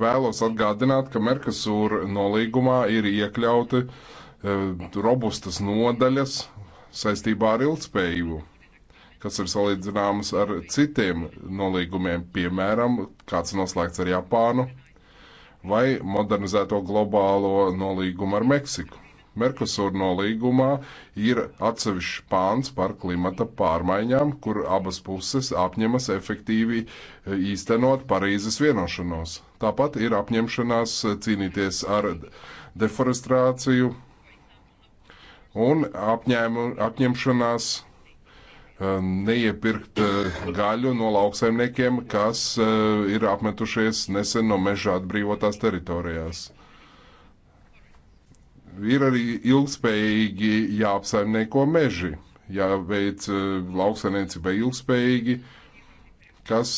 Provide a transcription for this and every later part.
Vēlos atgādināt, ka Merkusūra nolīgumā ir iekļauti e, robustas nodaļas saistībā ar ilgspējību, kas ir salīdzināmas ar citiem nolīgumiem, piemēram, kāds noslēgts ar Japānu vai modernizēto globālo nolīgumu ar Meksiku. Merkusur nolīgumā ir atsevišķs pāns par klimata pārmaiņām, kur abas puses apņemas efektīvi e, īstenot Parīzes vienošanos. Tāpat ir apņemšanās e, cīnīties ar deforestāciju un apņēmu, apņemšanās e, neiepirkt gaļu no lauksaimniekiem, kas ir apmetušies nesen no meža atbrīvotās teritorijās. Ir arī ilgspējīgi jāapsaimnieko meži, jāveic eh, lauksaimniecība ilgspējīgi, kas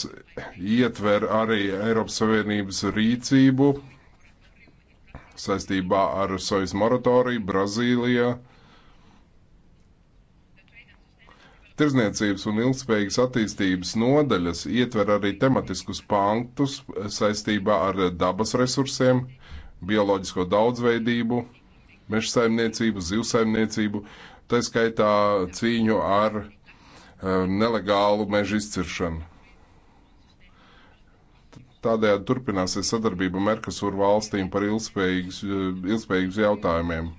ietver arī Eiropas Savienības rīcību saistībā ar sojas moratoriju Brazīlijā. Tirzniecības un ilgspējīgas attīstības nodaļas ietver arī tematiskus pantus saistībā ar dabas resursiem, bioloģisko daudzveidību, meža saimniecību, zivsaimniecību, tā skaitā cīņu ar eh, nelegālu meža izciršanu. Tādējādi turpināsies sadarbība Merkusur valstīm par ilgspējīgus, eh, ilgspējīgus jautājumiem.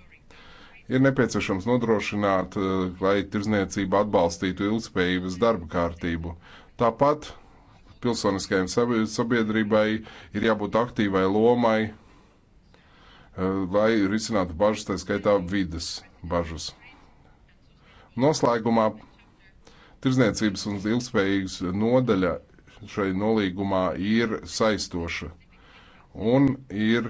Ir nepieciešams nodrošināt, eh, lai tirzniecība atbalstītu ilgspējības darba kārtību. Tāpat pilsoniskajai sabiedrībai ir jābūt aktīvai lomai Eh, lai risinātu bažas, tā skaitā vidas bažas. Noslēgumā Tirzniecības un ilgspējīgas nodaļa šai nolīgumā ir saistoša un ir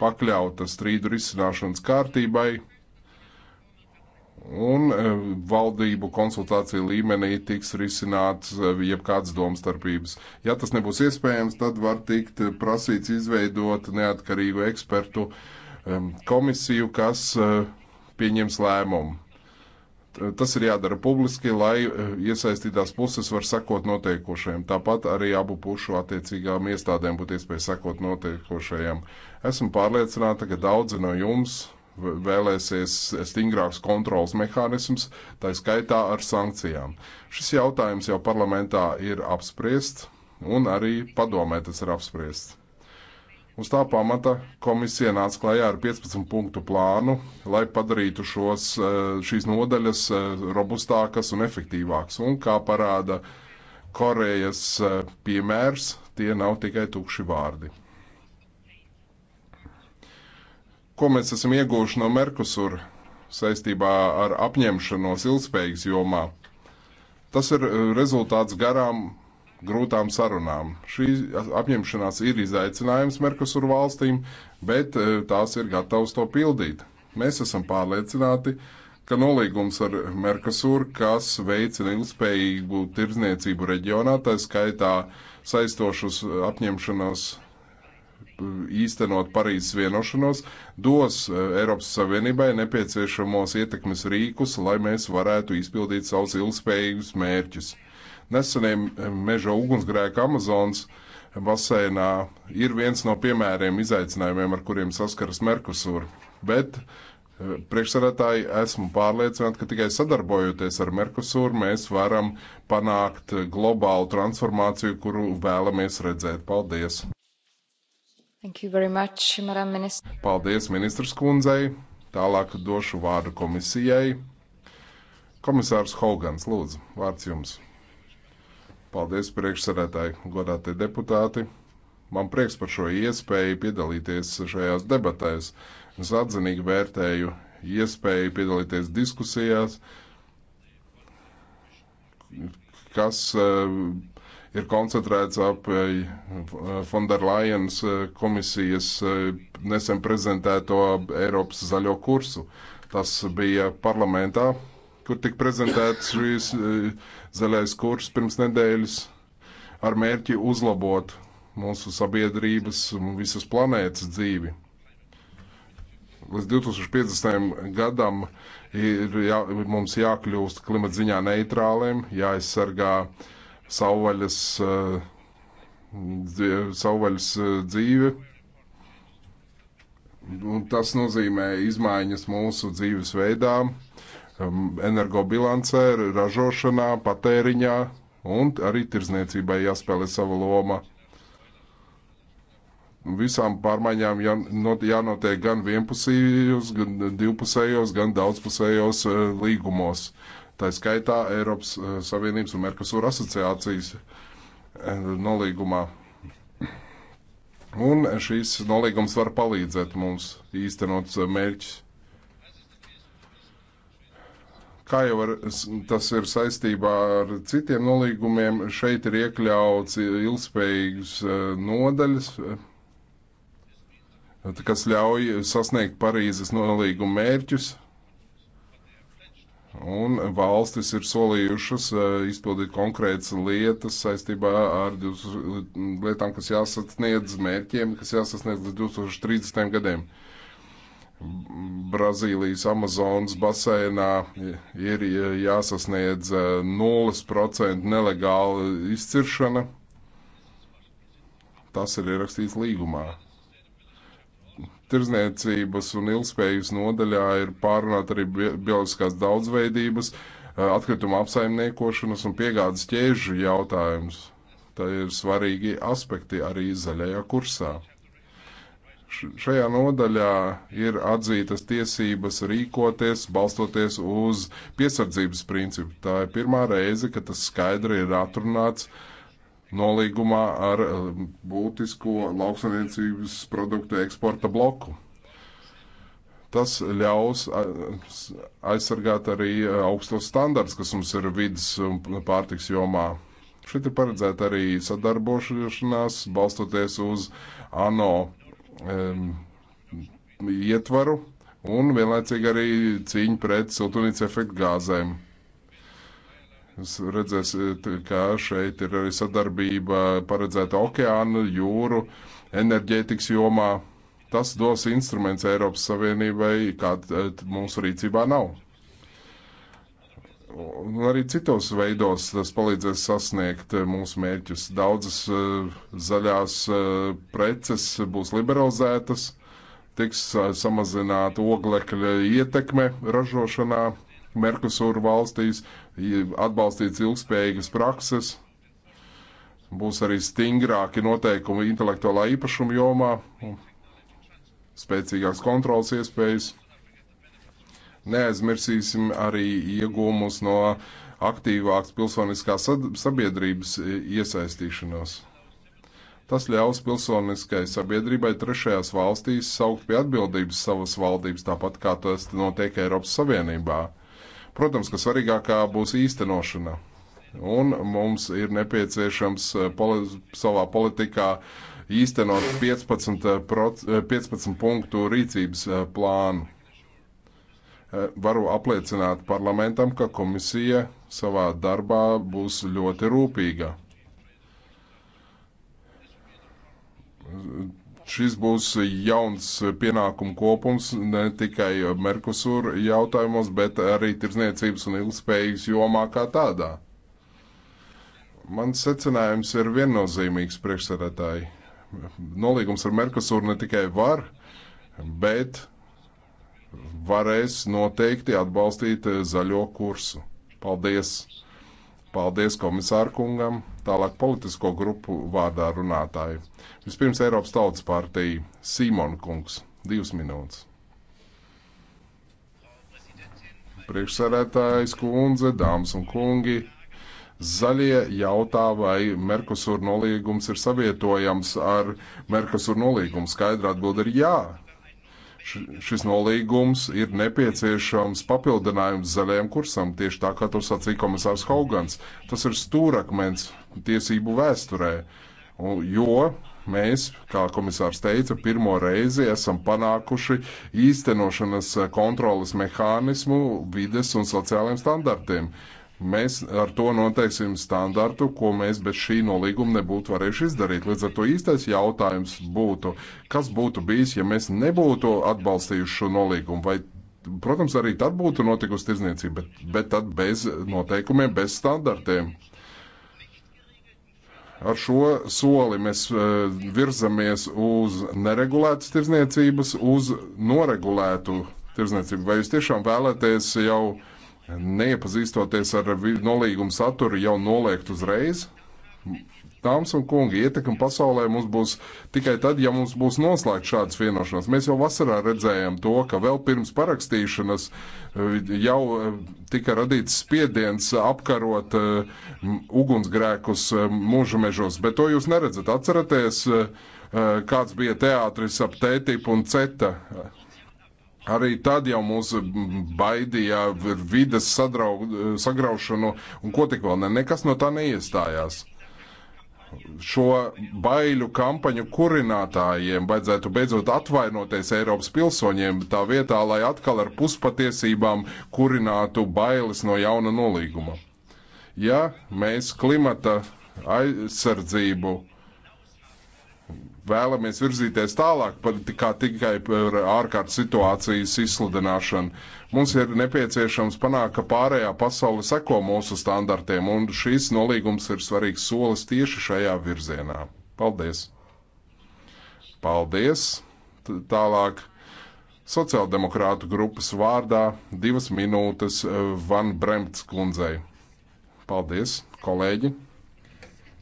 pakļauta strīdu risināšanas kārtībai un eh, valdību konsultāciju līmenī tiks risināts eh, jebkādas domstarpības. Ja tas nebūs iespējams, tad var tikt prasīts izveidot neatkarīgu ekspertu uh, komisiju, kas e, pieņems lēmumu. Tas ir jādara publiski, lai e, iesaistītās puses var sekot notiekošajam. Tāpat arī abu pušu attiecīgām iestādēm būtu iespēja sekot notiekošajam. Esmu pārliecināta, ka daudzi no jums vēlēsies stingrāks kontrols mehānisms, tā skaitā ar sankcijām. Šis jautājums jau parlamentā ir apspriests, un arī padomē tas ir apspriests. Uz tā pamata komisija nāca klajā ar 15 punktu plānu, lai padarītu šos, eh, šīs nodaļas eh, robustākas un efektīvākas. Un kā parāda Korejas eh, piemērs, tie nav tikai tukši vārdi. Ko mēs esam ieguvuši no Merkusur saistībā ar apņemšanos ilgspējīgas jomā? Tas ir rezultāts garām grūtām sarunām. Šī apņemšanās ir izaicinājums Merkusur valstīm, bet e, tās ir gatavas to pildīt. Mēs esam pārliecināti, ka nolīgums ar Merkusur, kas veicina ilgspējīgu tirdzniecību reģionā, tā skaitā saistošus apņemšanos e, īstenot Parīzes vienošanos, dos e, Eiropas Savienībai nepieciešamos ietekmes rīkus, lai mēs varētu izpildīt savus ilgspējīgus mērķus. Neseniem eh, meža ugunsgrēka Amazonas basēnā ir viens no piemēriem izaicinājumiem, ar kuriem saskaras Merkusur. Bet eh, priekšsarētāji esmu pārliecināti, ka tikai sadarbojoties ar Merkusur mēs varam panākt globālu transformāciju, kuru vēlamies redzēt. Paldies! Much, minister. Paldies ministrs kundzei. Tālāk došu vārdu komisijai. Komisārs Hogans, lūdzu, vārds jums. Paldies, priekšsēdētāji, godātie deputāti. Man prieks par šo iespēju piedalīties šajās debatēs. Es atzinīgi vērtēju iespēju piedalīties diskusijās, kas eh, ir koncentrēts ap Fonderlajenas eh, eh, komisijas nesen prezentēto Eiropas zaļo kursu. Tas bija parlamentā kur tika prezentēts šīs e, zaļais kurs pirms nedēļas ar mērķi uzlabot mūsu sabiedrības un visas planētas dzīvi. Līdz 2050. gadam ir jā, mums jākļūst klimata ziņā neitrāliem, jāaizsargā savvaļas, e, savvaļas e, dzīve. Un tas nozīmē izmaiņas mūsu dzīves veidā, uh, energobilancē, ražošanā, patēriņā un arī tirzniecībai jāspēlē sava loma. Visām pārmaiņām jānotiek gan vienpusējos, gan divpusējos, gan daudzpusējos eh, līgumos. Tā skaitā Eiropas eh, Savienības un Merkusūra asociācijas eh, nolīgumā. Un šīs nolīgums var palīdzēt mums īstenot mērķus. Kā jau ar, tas ir saistībā ar citiem nolīgumiem, šeit ir iekļauts ilgspējīgas e, nodaļas, e, kas ļauj sasniegt Parīzes nolīguma mērķus. Un valstis ir solījušas e, izpildīt konkrētas lietas saistībā ar lietām, kas jāsasniedz mērķiem, kas jāsasniedz līdz 2030. gadiem. Brazīlijas Amazonas basēnā ir jāsasniedz 0% e, nelegāla izciršana. Tas ir ierakstīts līgumā. Tirzniecības un ilgspējības nodaļā ir pārunāta arī bioloģiskās daudzveidības, e, atkrituma apsaimniekošanas un piegādes ķēžu jautājums. Tā ir svarīgi aspekti arī zaļajā kursā. Šajā nodaļā ir atzītas tiesības rīkoties, balstoties uz piesardzības principu. Tā ir pirmā reize, kad tas skaidri ir atrunāts nolīgumā ar um, būtisko lauksaniecības produktu eksporta bloku. Tas ļaus aizsargāt arī augstos standarts, kas mums ir vidas un pārtiks jomā. Šeit ir paredzēta arī sadarbošanās, balstoties uz ANO um, ietvaru un vienlaicīgi arī cīņu pret siltumnīca efektu gāzēm. Jūs redzēsiet, ka šeit ir arī sadarbība paredzēta okeānu, jūru, enerģētikas jomā. Tas dos instruments Eiropas Savienībai, kāda eh, mūsu rīcībā nav arī citos veidos tas palīdzēs sasniegt eh, mūsu mērķus. Daudzas eh, zaļās eh, preces būs liberalizētas, tiks samazināta oglekļa ietekme ražošanā Merkusūra valstīs, atbalstīts ilgspējīgas prakses, būs arī stingrāki noteikumi intelektuālā īpašuma jomā, spēcīgāks kontrols iespējas. Neaizmirsīsim arī iegūmus no aktīvākas pilsoniskās sabiedrības iesaistīšanos. Tas ļaus pilsoniskai sabiedrībai trešajās valstīs saukt pie atbildības savas valdības, tāpat kā tas notiek Eiropas Savienībā. Protams, ka svarīgākā būs īstenošana. Un mums ir nepieciešams e, poli savā politikā īstenot 15, 15 e, e, punktu rīcības plānu. Eh, varu apliecināt parlamentam, ka komisija savā darbā būs ļoti rūpīga. Šis būs jauns pienākumu kopums ne tikai Merkusur jautājumos, bet arī tirzniecības un ilgspējīgas jomā kā tādā. Mans secinājums ir viennozīmīgs priekšsēdētāji. Nolīgums ar Merkusur ne tikai var, bet varēs noteikti atbalstīt eh, zaļo kursu. Paldies! Paldies komisāru kungam, tālāk politisko grupu vārdā runātāju. Vispirms Eiropas Tautas partija Simon kungs, divas minūtes. Priekšsarētājs kundze, dāmas un kungi, Zaļie jautā, vai Merkusur nolīgums ir savietojams ar Merkusur nolīgumu. Skaidra atbilde ir jā šis nolīgums ir nepieciešams papildinājums zaļajam kursam, tieši tā kā to sacīja komisārs Haugans. Tas ir stūrakmens tiesību vēsturē, jo mēs, kā komisārs teica, pirmo reizi esam panākuši īstenošanas kontrolas mehānismu vides un sociālajiem standartiem. Mēs ar to noteiksim standartu, ko mēs bez šī nolīguma nebūtu varējuši izdarīt. Līdz ar to īstais jautājums būtu, kas būtu bijis, ja mēs nebūtu atbalstījuši šo nolīgumu? Vai, protams, arī tad būtu notikusi tirzniecība, bet, bet tad bez noteikumiem, bez standartiem. Ar šo soli mēs e, virzamies uz neregulētas tirzniecības, uz noregulētu tirzniecību. Vai jūs tiešām vēlaties jau? neiepazīstoties ar nolīgumu saturu, jau noliegt uzreiz. Dāmas un kungi, ietekme pasaulē mums būs tikai tad, ja mums būs noslēgts šāds vienošanās. Mēs jau vasarā redzējām to, ka vēl pirms parakstīšanas eh, jau eh, tika radīts spiediens apkarot eh, ugunsgrēkus mūža mežos, bet to jūs neredzat. Atceraties, kāds bija teātris ap tētību un ceta Arī tad jau mūs baidīja vides sadraug, sagraušanu, un ko tik vēl ne, nekas no tā neiestājās. Šo baiļu kampaņu kurinātājiem vajadzētu beidzot atvainoties Eiropas pilsoņiem tā vietā, lai atkal ar puspatiesībām kurinātu bailes no jauna nolīguma. Ja mēs klimata aizsardzību vēlamies virzīties tālāk par kā tikai par ārkārtas situācijas izsludināšanu. Mums ir nepieciešams panākt, ka pārējā pasaule seko mūsu standartiem, un šīs nolīgums ir svarīgs solis tieši šajā virzienā. Paldies! Paldies! Tālāk sociāldemokrātu grupas vārdā divas minūtes eh, Van Bremts kundzei. Paldies, kolēģi!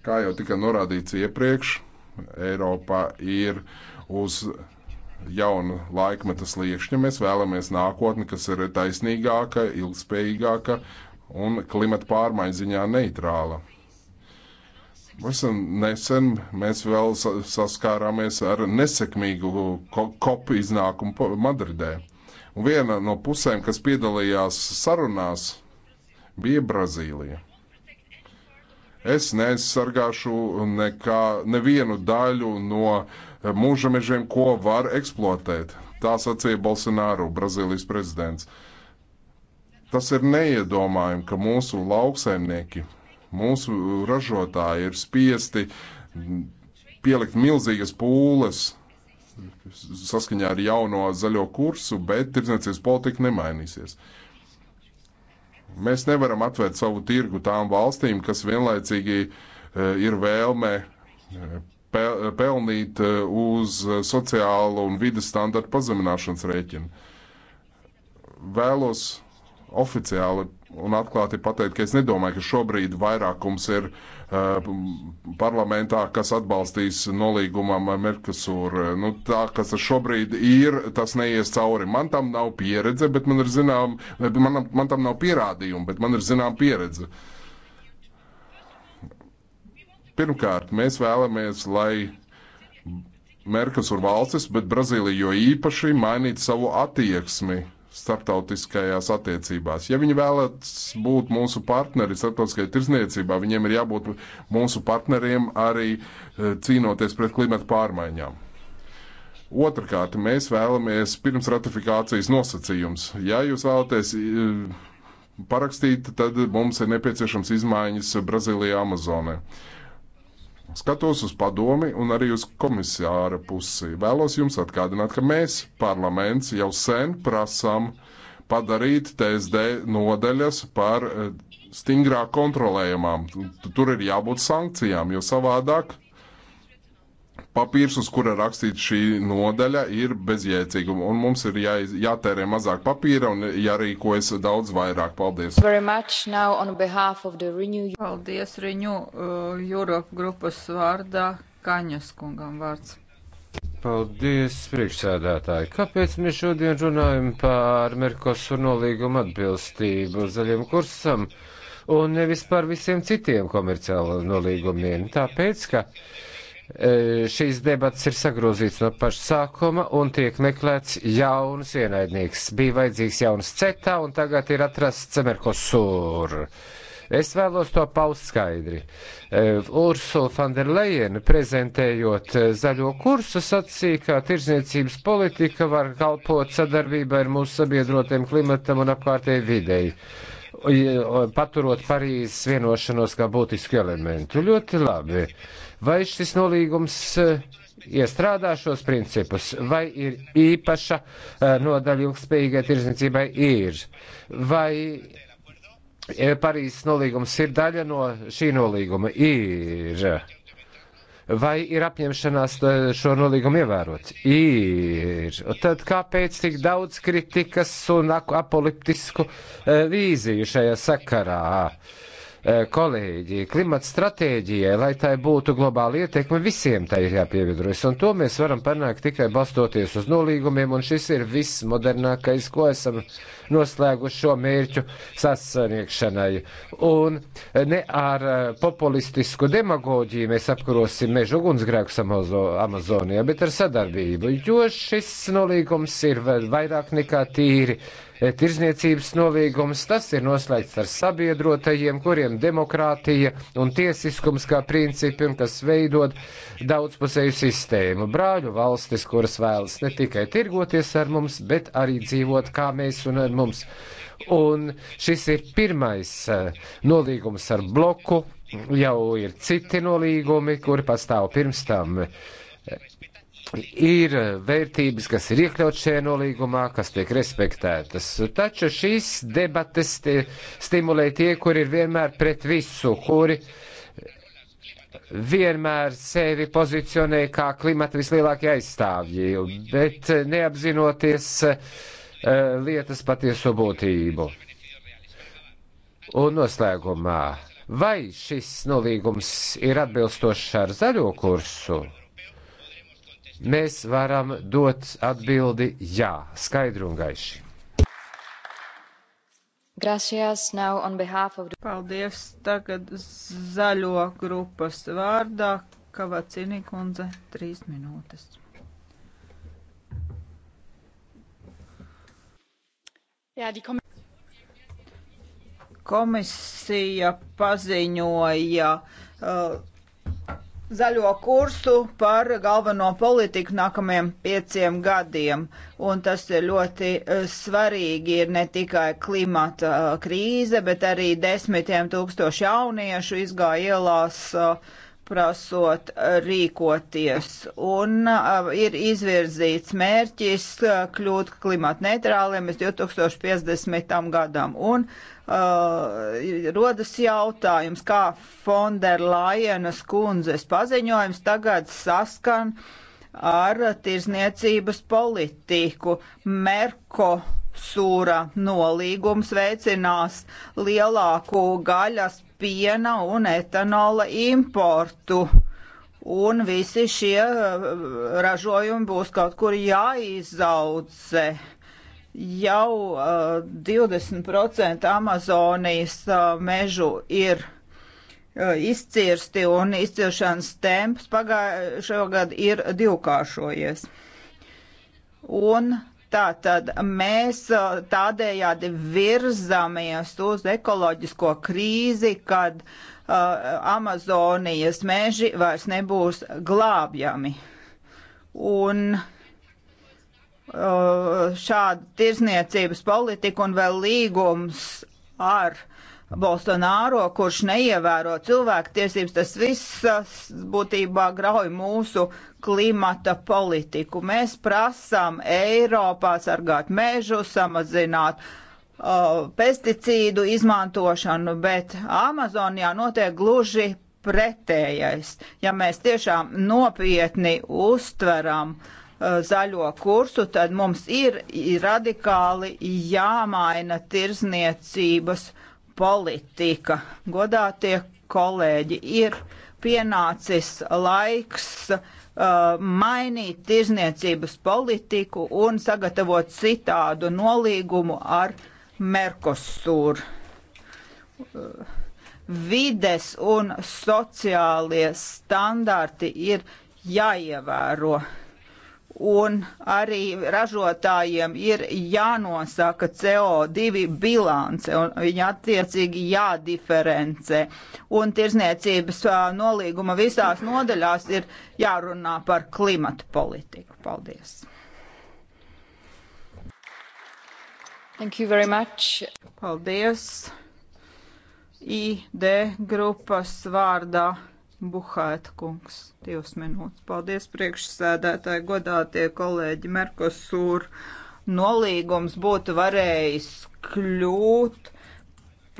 Kā jau tika norādīts iepriekš, Eiropa ir uz jaunu laikmetu sliekšņu. Mēs vēlamies nākotni, kas ir taisnīgāka, ilgspējīgāka un klimata pārmaiņu ziņā neitrāla. Visam nesen mēs vēl saskārāmies ar nesekmīgu kopu iznākumu Madridē. Un viena no pusēm, kas piedalījās sarunās, bija Brazīlija. Es nesargāšu nekā, nevienu daļu no mūža mežiem, ko var eksploatēt. Tā sacīja Bolsonaro, Brazīlijas prezidents. Tas ir neiedomājami, ka mūsu lauksaimnieki, mūsu ražotāji ir spiesti pielikt milzīgas pūles saskaņā ar jauno zaļo kursu, bet tirdzniecības politika nemainīsies. Uh, Mēs nevaram atvērt savu tirgu tām valstīm, kas vienlaicīgi e, ir vēlme e, pelnīt e, uz sociālu un vidas standartu pazemināšanas rēķinu. Vēlos oficiāli un atklāti pateikt, ka es nedomāju, ka šobrīd vairākums ir uh, parlamentā, kas atbalstīs nolīgumam ar Merkusūru. Nu, tā, kas tas šobrīd ir, tas neies cauri. Man tam nav pieredze, bet man ir zinām, man, man tam nav pierādījumi, bet man ir zinām pieredze. Pirmkārt, mēs vēlamies, lai Merkusūra valstis, bet Brazīlija jo īpaši mainītu savu attieksmi starptautiskajās attiecībās. Ja viņi vēlas būt mūsu partneri starptautiskajā tirzniecībā, viņiem ir jābūt mūsu partneriem arī eh, cīnoties pret klimatu pārmaiņām. Otrakārt, mēs vēlamies pirms ratifikācijas nosacījums. Ja jūs vēlaties eh, parakstīt, tad mums ir nepieciešams izmaiņas Brazīlijā, Amazonē. Uh, Skatos uz padomi un arī uz komisāra pusi. Vēlos jums atgādināt, ka mēs, parlaments, jau sen prasām padarīt TSD nodaļas par eh, stingrāk kontrolējamām. Tur ir jābūt sankcijām, jo savādāk papīrs, uz kura rakstīta šī nodaļa, ir bezjēdzīga. Un mums ir jā, jātērē mazāk papīra un jārīkojas daudz vairāk. Paldies! Renew... Paldies, Riņu, uh, Europe grupas vārdā Kaņas kungam vārds. Paldies, priekšsēdētāji. Kāpēc mēs šodien runājam par Merkosur nolīgumu atbilstību zaļiem kursam un nevis par visiem citiem komerciāliem nolīgumiem? Tāpēc, ka E, šīs debatas ir sagrozīts no paša sākuma un tiek meklēts jauns ienaidnieks. Bija vajadzīgs jauns CETA un tagad ir atrasts Merkosur. Es vēlos to paust skaidri. E, Ursula von der Leyen prezentējot e, zaļo kursu sacīja, ka tirzniecības politika var kalpot sadarbībai ar mūsu sabiedrotiem klimatam un apkārtēji videi paturot Parīzes vienošanos kā būtisku elementu. Ļoti labi. Vai šis nolīgums e, iestrādā šos principus, vai ir īpaša e, nodaļa ilgspējīgai tirzniecībai ir, vai e, Parīzes nolīgums ir daļa no šī nolīguma ir. Vai ir apņemšanās eh, šo nolīgumu ievērot? Ir. Tad kāpēc tik daudz kritikas un apoliptisku eh, vīziju šajā sakarā? Uh, E, kolēģi, klimata stratēģijai, lai tai būtu globāla ietekme, visiem tai ir jāpievienojas. Un to mēs varam panākt tikai balstoties uz nolīgumiem, un šis ir viss modernākais, ko esam noslēguši šo mērķu sasniegšanai. Un ne ar e, populistisku demagoģiju mēs apkarosim mežu ugunsgrēkus Amazo Amazonijā, bet ar sadarbību, jo šis nolīgums ir vairāk nekā tīri E, tirzniecības novīgums, tas ir noslēgts ar sabiedrotajiem, kuriem demokrātija un tiesiskums kā principi un kas veidot daudzpusēju sistēmu. Brāļu valstis, kuras vēlas ne tikai tirgoties ar mums, bet arī dzīvot kā mēs un ar mums. Un šis ir pirmais e, nolīgums ar bloku, jau ir citi nolīgumi, kuri pastāv pirms tam. Uh, Ir vērtības, kas ir iekļautas šajā nolīgumā, kas tiek respektētas. Taču šīs debates stimulē tie, kuri ir vienmēr pret visu, kuri vienmēr sevi pozicionē kā klimata vislielākie aizstāvji, bet neapzinoties uh, lietas patieso būtību. Un noslēgumā, vai šis nolīgums ir atbilstošs ar zaļo kursu? Mēs varam dot atbildi jā, skaidru un gaiši. Gracias, now on behalf of the... Paldies, tagad zaļo grupas vārdā, Kavacini kundze, trīs minūtes. Jā, die kom komisija paziņoja uh, zaļo kursu par galveno politiku nākamajiem pieciem gadiem. Un tas ir ļoti eh, svarīgi, ir ne tikai klimata eh, krīze, bet arī desmitiem tūkstoši jauniešu izgāja ielās uh, prasot rīkoties. Un uh, ir izvirzīts mērķis uh, kļūt klimata neitrāliem līdz 2050. gadam. Un uh, rodas jautājums, kā Fonderlajenas kundzes paziņojums tagad saskan ar tirzniecības politiku. Merko Sūra nolīgums veicinās lielāku gaļas piena un etanola importu. Un visi šie eh, ražojumi būs kaut kur jāizaudzē. Jau uh, eh, 20% Amazonijas uh, mežu ir uh, izcirsti un izciršanas temps pagājušajā gadā ir divkāršojies. Un Tātad mēs uh, tādējādi virzamies uz ekoloģisko krīzi, kad uh, Amazonijas meži vairs nebūs glābjami. Un uh, šāda tirzniecības politika un vēl līgums ar uh, Bolsonaro, kurš neievēro cilvēktiesības, tas viss būtībā grauj mūsu klimata politiku. Mēs prasām Eiropā sargāt mežu, samazināt uh, pesticīdu izmantošanu, bet Amazonijā notiek gluži pretējais. Ja mēs tiešām nopietni uztveram uh, zaļo kursu, tad mums ir radikāli jāmaina tirzniecības politika politika. Godātie kolēģi, ir pienācis laiks uh, mainīt tirzniecības politiku un sagatavot citādu nolīgumu ar Merkosur. Uh, vides un sociālie standarti ir jāievēro un arī ražotājiem ir jānosaka CO2 bilance un viņa attiecīgi jādiferencē. Un tirzniecības nolīguma visās nodaļās ir jārunā par klimatu politiku. Paldies! Thank you very much. Paldies. ID grupas vārdā Buhēta kungs, divas minūtes. Paldies priekšsēdētāji, godātie kolēģi Merkosūr. Nolīgums būtu varējis kļūt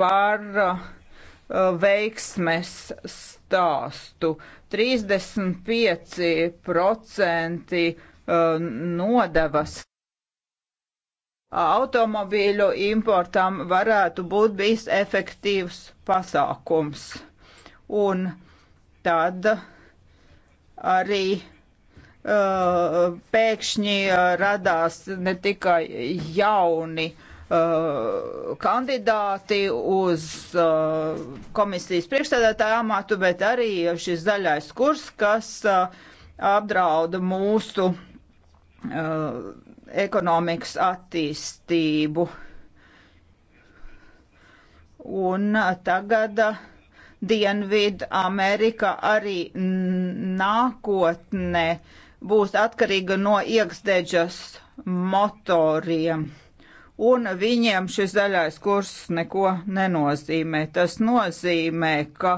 par uh, veiksmes stāstu. 35% uh, nodevas automobīļu importam varētu būt bijis efektīvs pasākums. Un tad arī uh, pēkšņi uh, radās ne tikai jauni uh, kandidāti uz uh, komisijas priekšstādātāju amatu, bet arī šis zaļais kurs, kas uh, apdrauda mūsu uh, ekonomikas attīstību. Un tagad uh, Dienvidu Amerika arī nākotnē būs atkarīga no iekšdeģas motoriem. Un viņiem šis zaļais kurs neko nenozīmē. Tas nozīmē, ka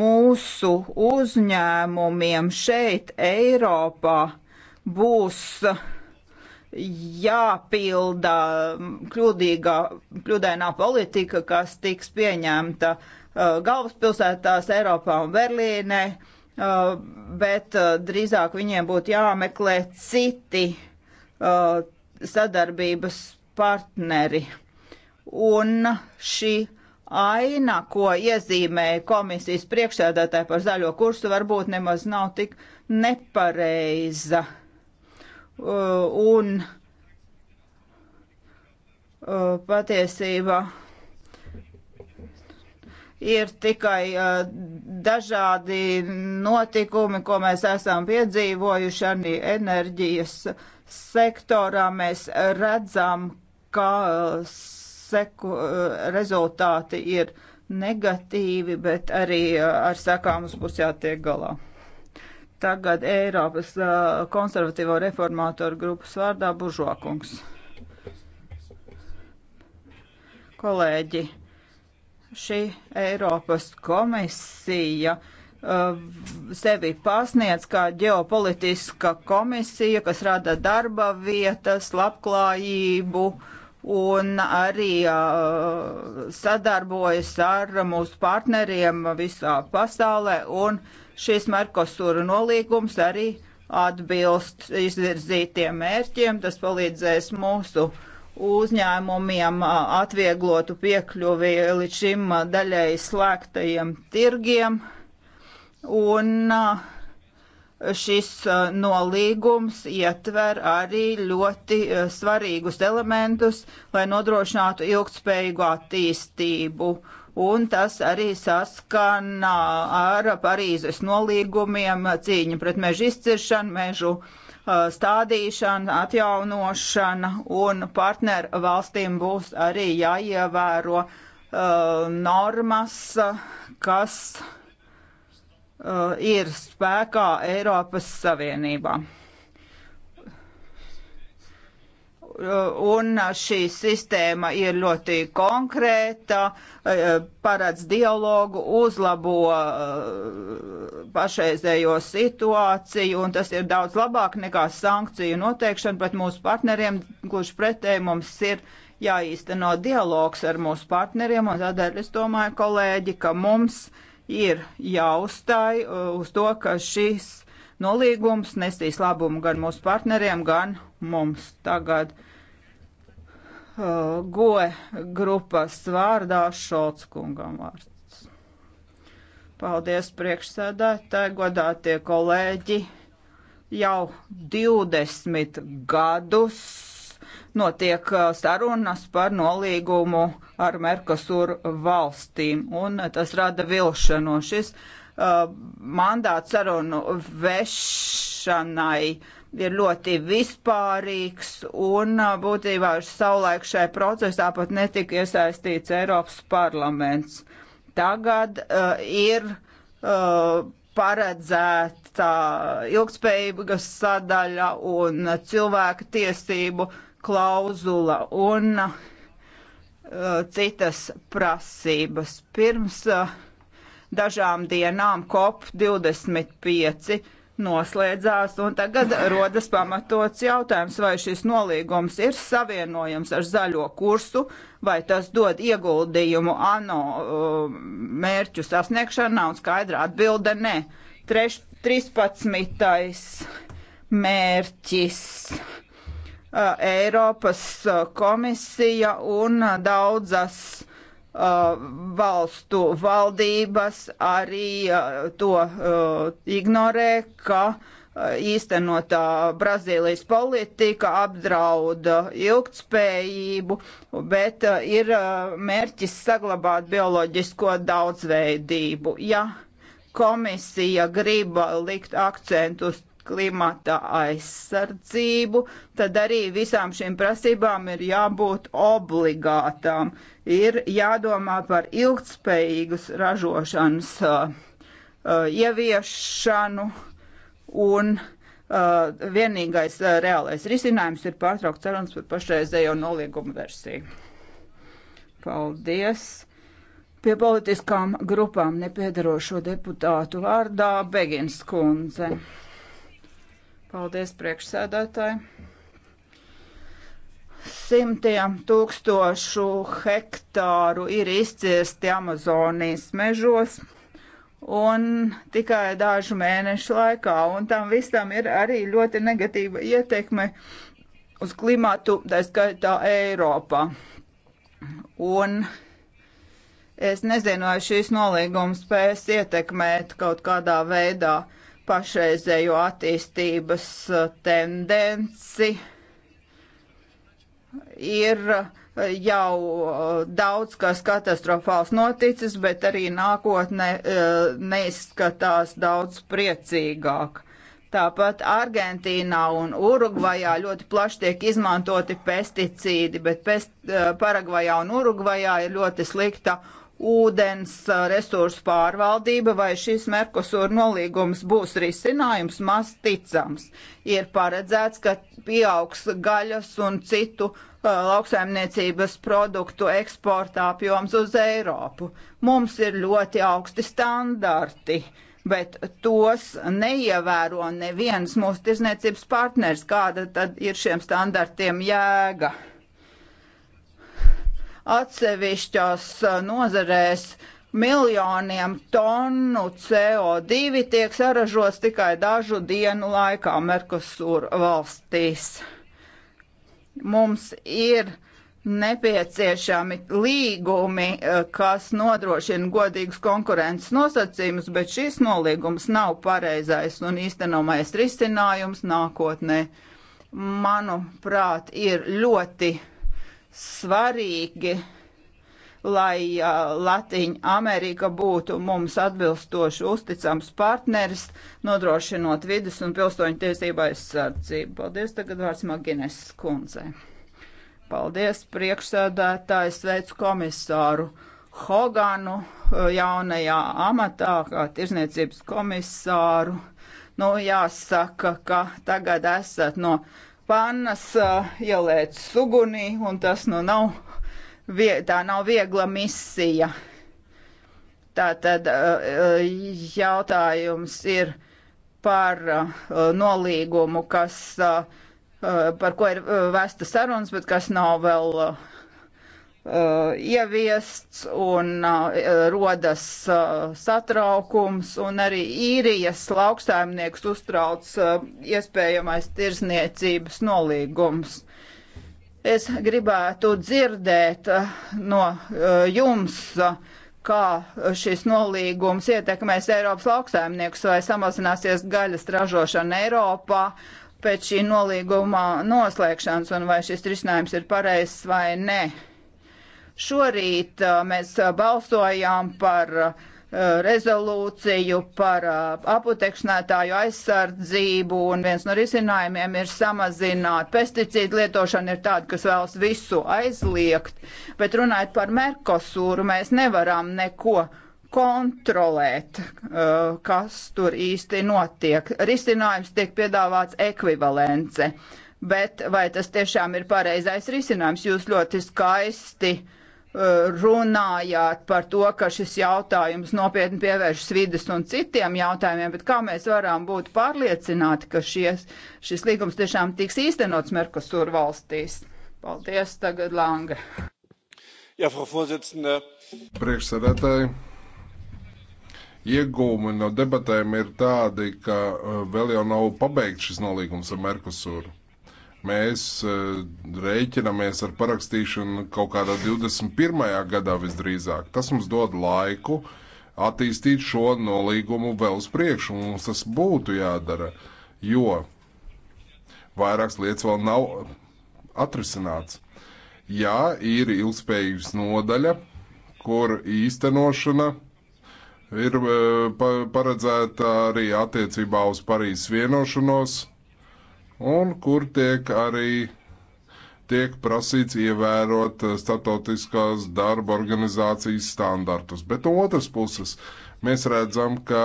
mūsu uzņēmumiem šeit, Eiropā, būs jāpilda kļūdīgā, kļūdainā politika, kas tiks pieņemta uh, Uh, galvaspilsētās Eiropā un Berlīnē, uh, bet uh, drīzāk viņiem būtu jāmeklē citi sadarbības partneri. Un šī aina, ko iezīmēja komisijas priekšsēdētāji par zaļo kursu, varbūt nemaz nav tik nepareiza. Uh, un uh, patiesībā uh, ir tikai uh, dažādi notikumi, ko mēs esam piedzīvojuši arī enerģijas sektorā. Mēs redzam, ka uh, seku, uh, rezultāti ir negatīvi, bet arī uh, ar sekām mums būs jātiek galā. Tagad Eiropas uh, konservatīvo reformātoru grupas vārdā Buržokungs. Kolēģi, uh, šī Eiropas komisija uh, sevi pasniedz kā ģeopolitiska komisija, kas rada darba vietas, labklājību un arī uh, sadarbojas ar mūsu partneriem visā pasaulē. Un šis Merkosura nolīgums arī atbilst izvirzītiem mērķiem, tas palīdzēs mūsu uh, uzņēmumiem atvieglotu piekļuvi līdz šim daļai slēgtajiem tirgiem. Un šis nolīgums ietver arī ļoti svarīgus elementus, lai nodrošinātu ilgspējīgu attīstību. Un tas arī saskana ar Parīzes nolīgumiem cīņu pret mežu izciršanu, mežu uh, Uh, stādīšana, atjaunošana un partneru valstīm būs arī jāievēro uh, normas, kas uh, ir spēkā Eiropas Savienībā un šī sistēma ir ļoti konkrēta, eh, paredz dialogu, uzlabo eh, pašreizējo situāciju, un tas ir daudz labāk nekā sankciju noteikšana pret mūsu partneriem, kurš pretēji mums ir jāīsteno dialogs ar mūsu partneriem, un tādēļ es domāju, kolēģi, ka mums ir jāuzstāj eh, uz to, ka šis nolīgums nesīs labumu gan mūsu partneriem, gan mums tagad. Uh, goe grupas vārdā Šolts kungam vārds. Paldies priekšsēdētāji, godātie kolēģi. Jau 20 gadus notiek uh, sarunas par nolīgumu ar Merkosur valstīm, un tas rada vilšanos. Šis Uh, mandāts sarunu vešanai ir ļoti vispārīgs un uh, būtībā savulaik šai procesā pat netika iesaistīts Eiropas parlaments. Tagad uh, ir uh, paredzēta ilgspējības sadaļa un cilvēka tiesību klauzula un uh, citas prasības. Pirms uh, dažām dienām COP25 noslēdzās, un tagad rodas pamatots jautājums, vai šis nolīgums ir savienojams ar zaļo kursu, vai tas dod ieguldījumu ANO um, mērķu sasniegšanā, un skaidra atbilde nē. Treš, 13. mērķis. Uh, Eiropas uh, komisija un uh, daudzas Uh, valstu valdības arī uh, to uh, ignorē, ka īstenotā Brazīlijas politika apdrauda ilgtspējību, bet ir mērķis saglabāt bioloģisko daudzveidību. Ja komisija grib likt akcentu uz klimata aizsardzību, tad arī visām šīm prasībām ir jābūt obligātām. Ir jādomā par ilgtspējīgas ražošanas uh, uh, ieviešanu un uh, vienīgais uh, reālais risinājums ir pārtraukt sarunas par pašreizējo noliegumu versiju. Paldies! Pie politiskām grupām nepiedarošo deputātu vārdā Begins kundze. Paldies priekšsēdētāji. Simtiem tūkstošu hektāru ir izcirsti Amazonijas mežos un tikai dažu mēnešu laikā, un tam visam ir arī ļoti negatīva ietekme uz klimatu, tā skaitā Eiropā. Un es nezinu, vai šīs nolīgums spēs ietekmēt kaut kādā veidā uh, pašreizējo attīstības uh, tendenci ir uh, jau uh, daudz kas katastrofāls noticis, bet arī nākotne neizskatās daudz priecīgāk. Tāpat Argentīnā un Urugvajā ļoti plaši tiek izmantoti pesticīdi, bet pest, Paragvajā un Urugvajā ir ļoti slikta ūdens resursu pārvaldība vai šis Merkosur nolīgums būs risinājums maz ticams. Ir paredzēts, ka pieaugs gaļas un citu uh, lauksaimniecības produktu eksporta apjoms uz Eiropu. Mums ir ļoti augsti standarti, bet tos neievēro neviens mūsu tirzniecības partners. Kāda tad ir šiem standartiem jēga? atsevišķās nozarēs miljoniem tonu CO2 tiek saražots tikai dažu dienu laikā Merkusur valstīs. Mums ir nepieciešami līgumi, kas nodrošina godīgus konkurences nosacījumus, bet šis nolīgums nav pareizais un īstenomais risinājums nākotnē. Manuprāt, ir ļoti svarīgi, lai uh, Latīņa Amerika būtu mums atbilstoši uzticams partneris, nodrošinot vidus un pilsoņu tiesību aizsardzību. Paldies, tagad vārds Magines skundzē. Paldies, priekšsēdētājs, sveicu komisāru. Hoganu jaunajā amatā, kā tirzniecības komisāru. Nu, jāsaka, ka tagad esat no pannas eh, ielēt sugunī, un tas nu nav, tā nav viegla misija. Tātad eh, jautājums ir par eh, nolīgumu, kas, par ko ir vēsta sarunas, bet kas nav vēl Uh, ieviests un uh, rodas uh, satraukums, un arī īrijas lauksaimnieks uztrauc iespējamais tirsniecības nolīgums. Es gribētu dzirdēt no jums, kā šis nolīgums ietekmēs Eiropas lauksaimniekus vai samazināsies gaļas ražošana Eiropā, pēc šī nolīguma noslēgšanas un vai šis risinājums ir pareizs vai nē. Šorīt uh, mēs uh, balsojām par uh, rezolūciju par aputekšnētāju aizsardzību, un viens no risinājumiem ir samazināt pesticīdu lietošanu, ir tāda, kas vēlas visu aizliegt, bet runājot par Merkosūru, mēs nevaram neko kontrolēt, kas tur īsti notiek. Risinājums tiek piedāvāts ekvivalence, bet vai tas tiešām ir pareizais risinājums? Jūs ļoti skaisti uh, runājāt par to, ka šis jautājums nopietni pievēršas vidas un citiem jautājumiem, bet kā mēs varam būt pārliecināti, ka šies, šis līgums tiešām tiks īstenots Merkosur valstīs? Paldies, tagad Lange. Jā, Frau Vorsitzende. Priekšsēdētāji. Iegūmi no debatēm ir tādi, ka eh, vēl jau nav pabeigts šis nolīgums ar Merkosuru Mēs e, rēķinamies ar parakstīšanu kaut kādā 21. gadā visdrīzāk. Tas mums dod laiku attīstīt šo nolīgumu vēl uz priekšu, un mums tas būtu jādara, jo vairākas lietas vēl nav atrisināts. Jā, ir ilgspējības nodaļa, kur īstenošana ir e, paredzēta arī attiecībā uz Parīzes vienošanos un kur tiek arī tiek prasīts ievērot eh, statotiskās darba organizācijas standartus. Bet no otras puses mēs redzam, ka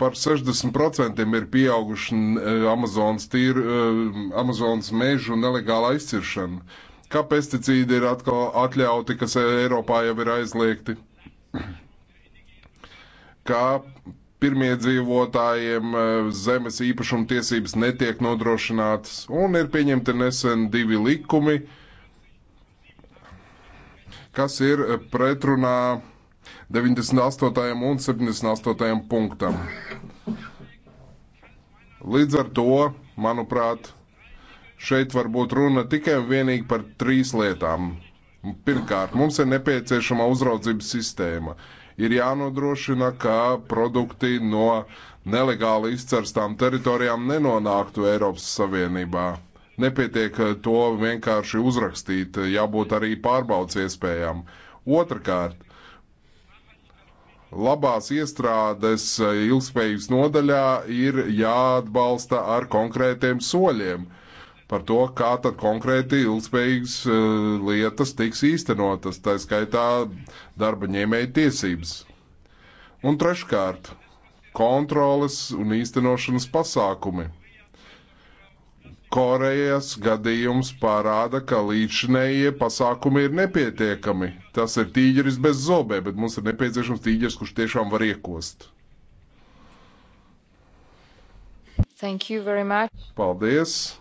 par 60% ir pieauguši eh, Amazonas, tīr, eh, Amazonas mežu nelegāla izciršana. Kā pesticīdi ir atkal atļauti, kas Eiropā jau ir aizliegti? Kā pirmiedzīvotājiem eh, zemes īpašuma tiesības netiek nodrošinātas, un ir pieņemti nesen divi likumi, kas ir pretrunā 98. un 78. punktam. Līdz ar to, manuprāt, šeit var būt runa tikai un vienīgi par trīs lietām. Pirmkārt, mums ir nepieciešama uzraudzības sistēma. Uh, ir jānodrošina, ka produkti no nelegāli izcerstām teritorijām nenonāktu Eiropas Savienībā. Nepietiek eh, to vienkārši uzrakstīt, jābūt arī pārbaudas iespējām. Otrakārt, labās iestrādes eh, ilgspējības nodaļā ir jāatbalsta ar konkrētiem soļiem – par to, kā tad konkrēti ilgspējīgas e, lietas tiks īstenotas, tā skaitā darba ņēmēja tiesības. Un treškārt, kontroles un īstenošanas pasākumi. Korejas gadījums parāda, ka līdzinējie pasākumi ir nepietiekami. Tas ir tīģeris bez zobē, bet mums ir nepieciešams tīģeris, kurš tiešām var iekost. Thank you very much. Paldies.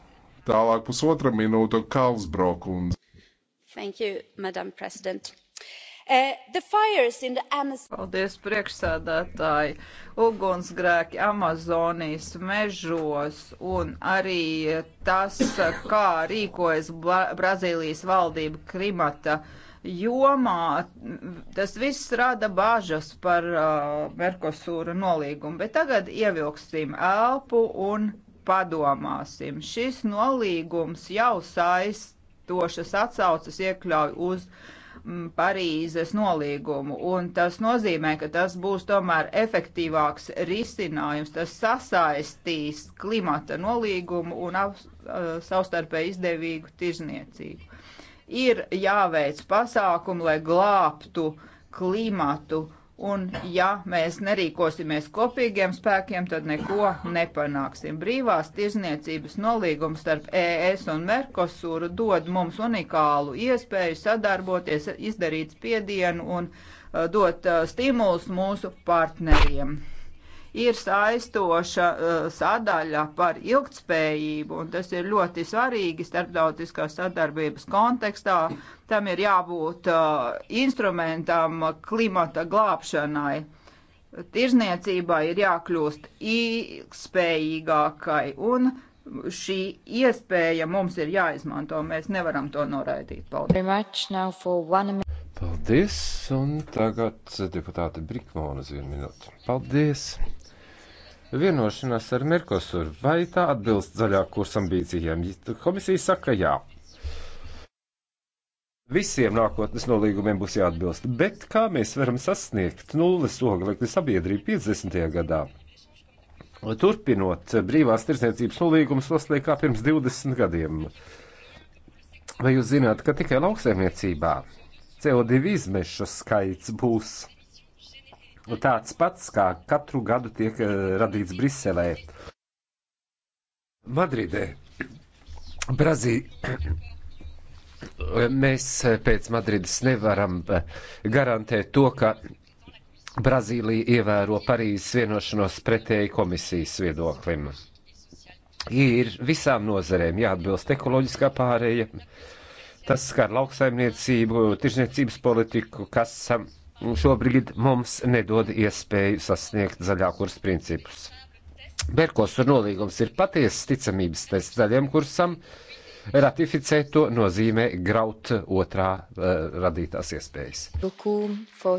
Tālāk pusotra minūte Kalsbrokundze. Thank you, Madam President. Uh, Paldies, priekšsēdētāji! Ugunsgrēki Amazonijas mežos un arī tas, kā rīkojas Brazīlijas valdība klimata jomā, tas viss rada bāžas par uh, Merkosūra nolīgumu. Bet tagad ievilksim elpu un padomāsim. Šis nolīgums jau saistošas atsaucas iekļauj uz mm, Parīzes nolīgumu, un tas nozīmē, ka tas būs tomēr efektīvāks risinājums, tas sasaistīs klimata nolīgumu un ap, uh, savstarpēji izdevīgu tirzniecību. Ir jāveic pasākumi, lai glābtu klimatu Un ja mēs nerīkosimies kopīgiem spēkiem, tad neko nepanāksim. Brīvās tirzniecības nolīgums starp ES un Merkosuru dod mums unikālu iespēju sadarboties, izdarīt spiedienu un uh, dot uh, stimulus mūsu partneriem ir saistoša uh, sadaļa par ilgtspējību, un tas ir ļoti svarīgi starptautiskās sadarbības kontekstā. Tam ir jābūt uh, instrumentam klimata glābšanai. Tirzniecībai ir jākļūst ilgspējīgākai, un šī iespēja mums ir jāizmanto. Mēs nevaram to noraidīt. Paldies! Paldies, un tagad deputāte Brikmona uz vienu minūti. Paldies! Vienošanās ar Merkosuru, vai tā atbilst zaļā kursa ambīcijām? Komisija saka jā. Visiem nākotnes nolīgumiem būs jāatbilst, bet kā mēs varam sasniegt nulles oglekļa sabiedrību 50. gadā? Turpinot brīvās tirsniecības nolīgumus, noslēgt kā pirms 20 gadiem. Vai jūs zināt, ka tikai lauksaimniecībā CO2 izmeša skaits būs tāds pats, kā katru gadu tiek eh, radīts Briselē, Madridē, Brazīlijā. Mēs pēc Madrides nevaram eh, garantēt to, ka Brazīlija ievēro Parīzes vienošanos pretēji komisijas viedoklim. Ir visām nozerēm jāatbilst ekoloģiskā pārēja Tas skar lauksaimniecību, tirzniecības politiku, kas um, šobrīd mums nedod iespēju sasniegt zaļā kursa principus. Berkosur nolīgums ir patiesas ticamības tests zaļiem kursam. Um, Ratificēt to nozīmē graut otrā uh, radītās iespējas. Now,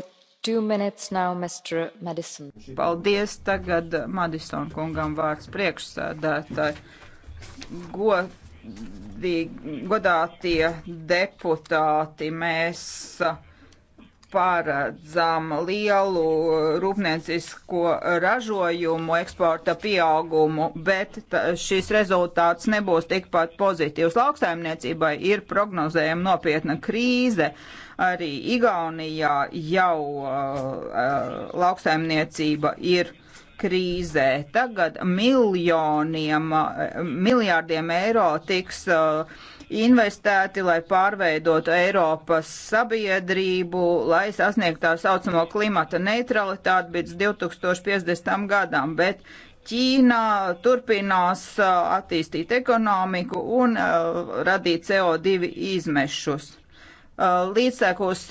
Paldies tagad Madison kungam vārds priekšsēdētāji. God godātie deputāti, mēs paredzam lielu rūpniecisko ražojumu, eksporta pieaugumu, bet šis rezultāts nebūs tikpat pozitīvs. Lauksaimniecībai ir prognozējama nopietna krīze. Arī Igaunijā jau uh, uh lauksaimniecība ir krīzē. Tagad miljoniem, eh, miljārdiem eiro tiks eh, investēti, lai pārveidotu Eiropas sabiedrību, lai sasniegtu tā saucamo klimata neutralitāti līdz 2050. gadam, bet Ķīna turpinās eh, attīstīt ekonomiku un radīt CO2 izmešus. Līdzsekus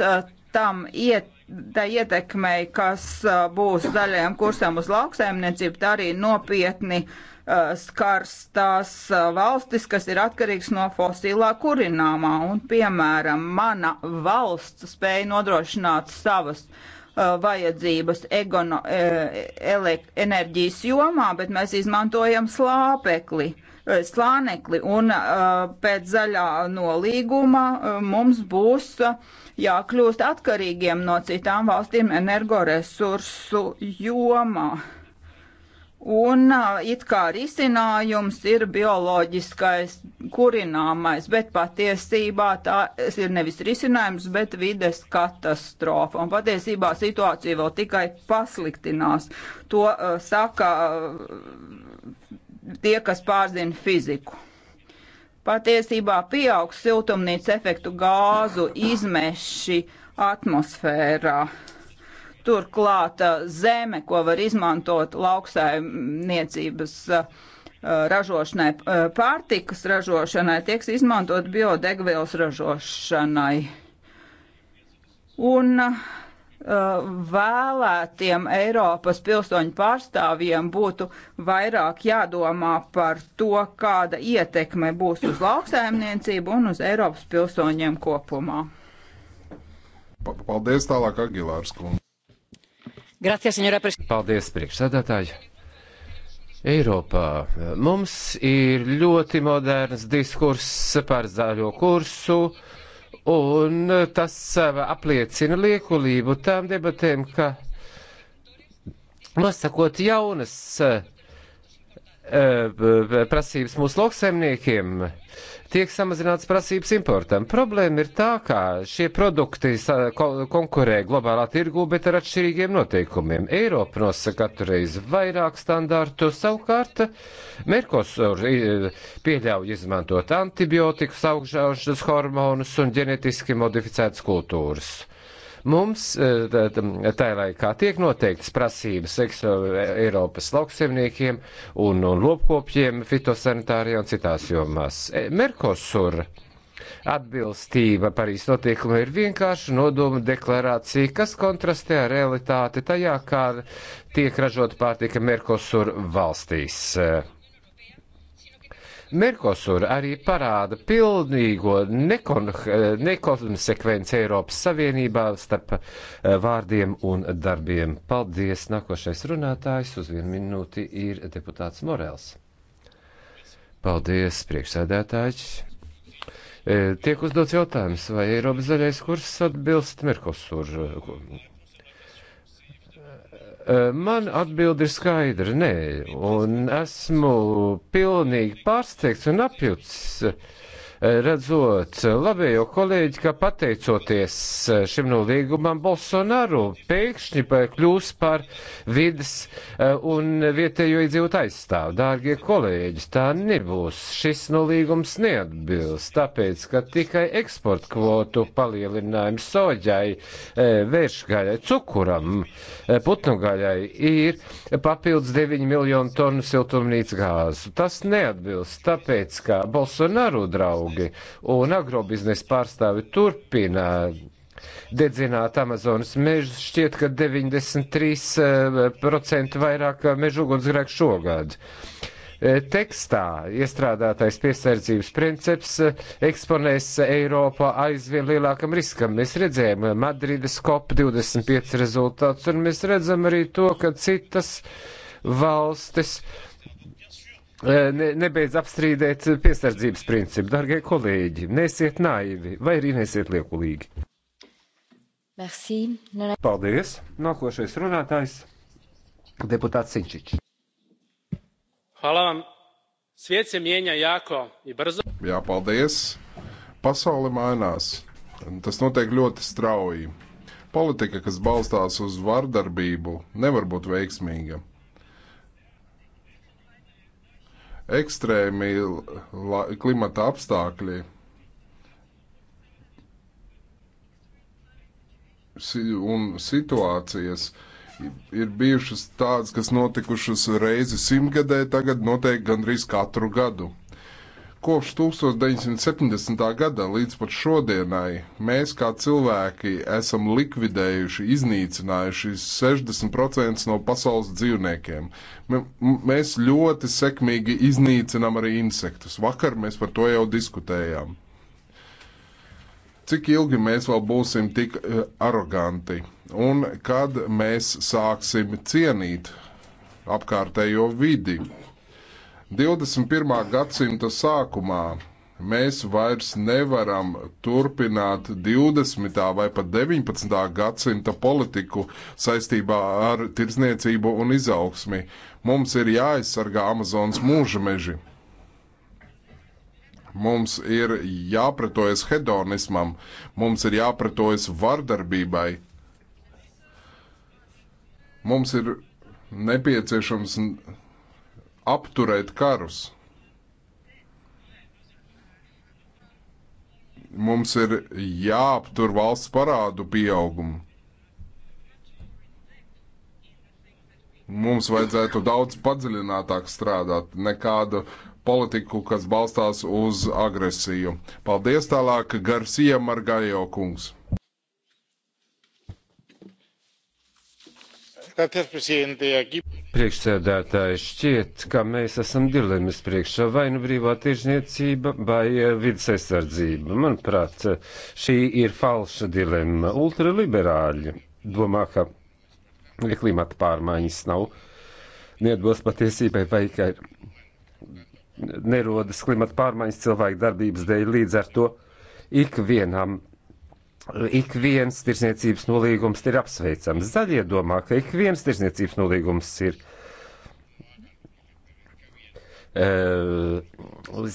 tam iet tā ietekmei, kas uh, būs zaļajam kursam uz lauksaimniecību, tā arī nopietni uh, skars tās uh, valstis, kas ir atkarīgs no fosilā kurināmā. Un, piemēram, mana valsts spēja nodrošināt savas uh, vajadzības egono, uh, enerģijas jomā, bet mēs izmantojam slāpekli uh, slānekli, un pēc zaļā nolīguma mums būs uh, jākļūst atkarīgiem no citām valstīm energoresursu jomā. Un it kā risinājums ir bioloģiskais kurināmais, bet patiesībā tas ir nevis risinājums, bet vides katastrofa. Un patiesībā situācija vēl tikai pasliktinās. To uh, saka uh, tie, kas pārzina fiziku patiesībā pieaug siltumnīca efektu gāzu izmeši atmosfērā. Turklāt zeme, ko var izmantot lauksaimniecības ražošanai, pārtikas ražošanai, tieks izmantot biodegvielas ražošanai. Un uh, vēlētiem Eiropas pilsoņu pārstāvjiem būtu vairāk jādomā par to, kāda ietekme būs uz lauksaimniecību un uz Eiropas pilsoņiem kopumā. Paldies tālāk, Agilārs Kundze. Paldies, priekšsēdētāji. Eiropā eh, mums ir ļoti moderns diskurss par zaļo kursu Un eh, tas eh, apliecina liekulību tām debatēm, ka nosakot jaunas uh, Eh, prasības mūsu lauksaimniekiem, tiek samazināts prasības importam. Problēma ir tā, ka šie produkti konkurē globālā tirgū, bet ar atšķirīgiem noteikumiem. Eiropa nosaka katru reizi vairāk standārtu, savukārt Merkosur eh, pieļauj izmantot antibiotikas, augšžaužas hormonus un ģenetiski modificētas kultūras. Mums e, tā laikā tiek noteikts prasības e, Eiropas lauksemniekiem un, un lopkopjiem fitosanitārijā un citās jomās. E, Merkosur atbilstība Parīzes notiekumiem ir vienkārša nodoma deklarācija, kas kontrastē ar realitāti tajā, kā tiek ražota pārtika Merkosur valstīs. Merkosur arī parāda pilnīgo nekon, nekonsekvenci Eiropas Savienībā starp eh, vārdiem un darbiem. Paldies! Nākošais runātājs uz vienu minūti ir deputāts Morels. Paldies, priekšsēdētājs! Eh, tiek uzdots jautājums, vai Eiropas zaļais kurs atbilst Merkosur Eh, man atbildi ir skaidra, nē, un esmu pilnīgi pārsteigts un apjucis redzot labējo kolēģi, ka pateicoties e, šim nolīgumam Bolsonaru pēkšņi kļūs par vidas e, un vietējo iedzīvotāju aizstāvu. Dārgie kolēģi, tā nebūs. Šis nolīgums neatbilst, tāpēc, ka tikai eksporta kvotu palielinājums soģai, e, vēršgaļai, cukuram, putnugaļai ir papildus 9 miljonu tonu siltumnīca gāzu. Tas neatbilst, tāpēc, ka Bolsonaru draugi draugi un agrobiznesa pārstāvi turpina dedzināt Amazonas mežus. Šķiet, ka 93% eh, vairāk eh, mežu ugunsgrēku šogad. Eh, tekstā iestrādātais piesardzības princips eksponēs Eiropā aizvien lielākam riskam. Mēs redzējām Madrides COP25 rezultātus, un mēs redzam arī to, ka citas valstis uh, ne, nebeidz apstrīdēt piesardzības principu. Dargie kolēģi, nesiet naivi vai arī nesiet liekulīgi. Merci. Paldies. Nākošais runātājs - deputāts Sinčič. Hvala vam. Svijet se mijenja jako i brzo. Jā, paldies. Pasaule mainās. Tas notiek ļoti strauji. Politika, kas balstās uz vardarbību, nevar būt veiksmīga ekstrēmi la, klimata apstākļi. Un situācijas ir bijušas tādas, kas notikušas reizi simtgadē, tagad notiek gandrīz katru gadu. Kopš 1970. gada līdz pat šodienai mēs kā cilvēki esam likvidējuši, iznīcinājuši 60% no pasaules dzīvniekiem. M mēs ļoti sekmīgi iznīcinām arī insektus. Vakar mēs par to jau diskutējām. Cik ilgi mēs vēl būsim tik eh, aroganti un kad mēs sāksim cienīt apkārtējo vidi? 21. gadsimta sākumā mēs vairs nevaram turpināt 20. vai pat 19. gadsimta politiku saistībā ar tirdzniecību un izaugsmi. Mums ir jāaizsargā Amazonas mūža meži. Mums ir jāpretojas hedonismam, mums ir jāpretojas vardarbībai. Mums ir nepieciešams apturēt karus. Mums ir jāaptur valsts parādu pieaugumu. Mums vajadzētu daudz padziļinātāk strādāt, nekādu politiku, kas balstās uz agresiju. Paldies tālāk, Garcia Margajo kungs. Gracias, presidente. Aquí... Priekšsēdētāji šķiet, ka mēs esam dilemmas priekšā vai nu brīvā tiešniecība vai eh, vidas aizsardzība. Manuprāt, šī ir falša dilemma. Ultraliberāļi domā, ka klimata pārmaiņas nav neatbilst patiesībai vai ka ir nerodas klimata pārmaiņas cilvēku darbības dēļ līdz ar to ikvienam ik viens tirsniecības nolīgums ir apsveicams. Zaļie domā, ka ik viens tirsniecības nolīgums ir e,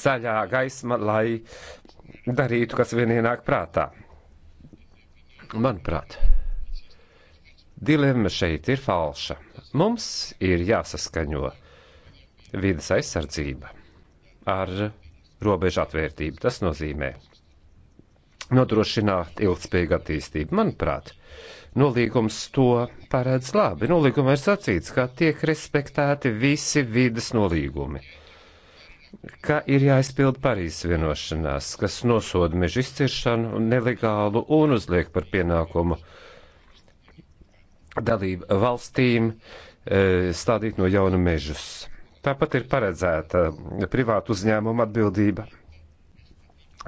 zaļā gaisma, lai darītu, kas vien ienāk prātā. Manuprāt, dilemma šeit ir falša. Mums ir jāsaskaņo vidas aizsardzība ar robežu atvērtību. Tas nozīmē nodrošināt ilgspējīgu attīstību. Manuprāt, nolīgums to paredz labi. Nolīgumā ir sacīts, ka tiek respektēti visi vidas nolīgumi, ka ir jāizpild Parīzes vienošanās, kas nosoda mežu izciršanu nelegālu un uzliek par pienākumu dalību valstīm e, stādīt no jauna mežus. Tāpat ir paredzēta privātu uzņēmumu atbildība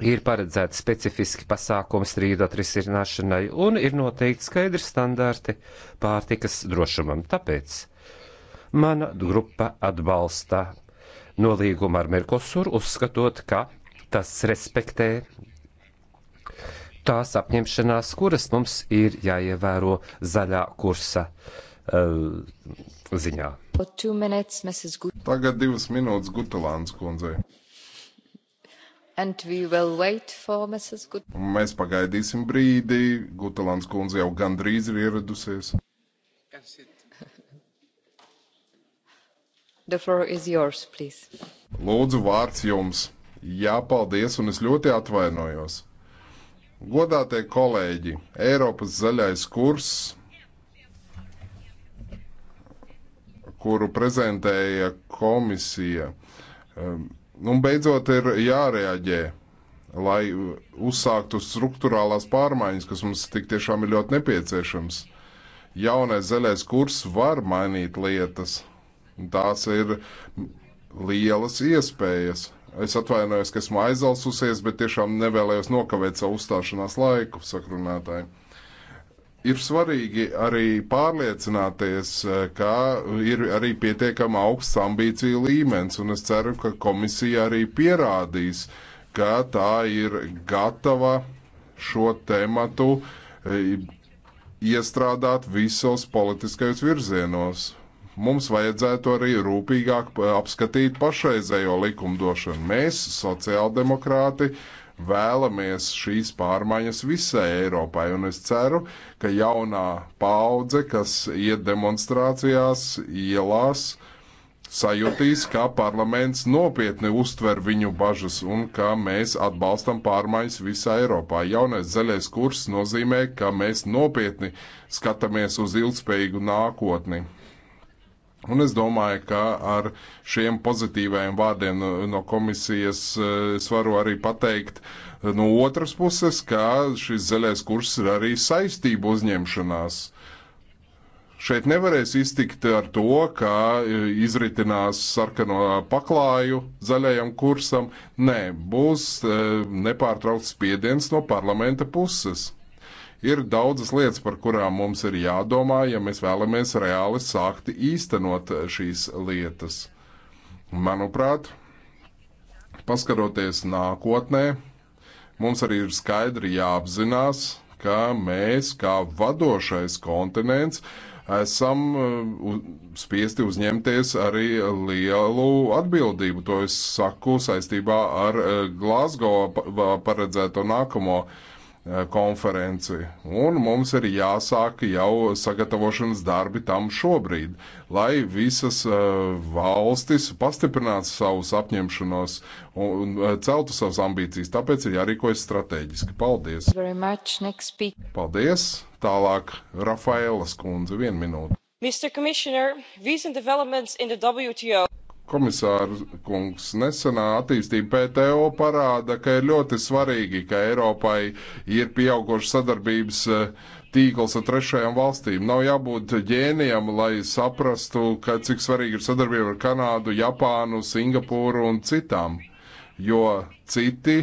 ir paredzēti specifiski pasākumi strīdu atrisināšanai un ir noteikti skaidri standarti pārtikas drošumam. Tāpēc mana grupa atbalsta nolīgumu ar Merkosuru, uzskatot, ka tas respektē tās apņemšanās, kuras mums ir jāievēro zaļā kursa uh, ziņā. Minutes, Tagad divas minūtes Gutelāns kundzei. Mēs pagaidīsim brīdi. Gutelands kundze jau gandrīz ir ieradusies. Yours, Lūdzu, vārds jums. Jā, paldies, un es ļoti atvainojos. Godātie kolēģi, Eiropas zaļais kurs, kuru prezentēja komisija, um, Un beidzot ir jārēģē, lai uzsāktu struktūrālās pārmaiņas, kas mums tik tiešām ir ļoti nepieciešams. Jaunais zaļais kurs var mainīt lietas. Tās ir lielas iespējas. Es atvainojos, ka esmu aizelsusies, bet tiešām nevēlējos nokavēt savu uzstāšanās laiku sakrunātājiem. Ir svarīgi arī pārliecināties, eh, ka ir arī pietiekama augsts ambīciju līmenis, un es ceru, ka komisija arī pierādīs, ka tā ir gatava šo tematu eh, iestrādāt visos politiskajos virzienos. Mums vajadzētu arī rūpīgāk eh, apskatīt pašreizējo likumdošanu. Mēs, sociāldemokrāti, vēlamies šīs pārmaiņas visai Eiropai, un es ceru, ka jaunā paudze, kas iet demonstrācijās, ielās, sajutīs, ka parlaments nopietni uztver viņu bažas un ka mēs atbalstam pārmaiņas visā Eiropā. Jaunais zaļais kurs nozīmē, ka mēs nopietni skatāmies uz ilgspējīgu nākotni Un es domāju, ka ar šiem pozitīvajiem vārdiem no komisijas eh, es varu arī pateikt eh, no otras puses, ka šis zaļais kurs ir arī saistību uzņemšanās. Šeit nevarēs iztikt ar to, ka eh, izritinās sarkano paklāju zaļajam kursam. Nē, būs nepārtraukts spiediens no parlamenta puses. Ir daudzas lietas, par kurām mums ir jādomā, ja mēs vēlamies reāli sākt īstenot šīs lietas. Manuprāt, paskatoties nākotnē, mums arī ir skaidri jāapzinās, ka mēs, kā vadošais kontinents, esam uh, spiesti uzņemties arī lielu atbildību. To es saku saistībā ar uh, Glasgow paredzēto nākamo uh, Eh, konferenci. Un mums ir jāsāk jau sagatavošanas darbi tam šobrīd, lai visas eh, valstis pastiprinātu savus apņemšanos un eh, celtu savas ambīcijas. Tāpēc ir jārīkojas strateģiski. Paldies! Paldies! Tālāk Rafaela skundze, vienu minūti. Mr. Commissioner, recent developments in the WTO. Komisārs kungs, nesenā attīstība PTO parāda, ka ir ļoti svarīgi, ka Eiropai ir pieaugušas sadarbības eh, tīkls ar trešajām valstīm. Nav jābūt ģēnijam, lai saprastu, ka cik svarīgi ir sadarbība ar Kanādu, Japānu, Singapūru un citām, jo citi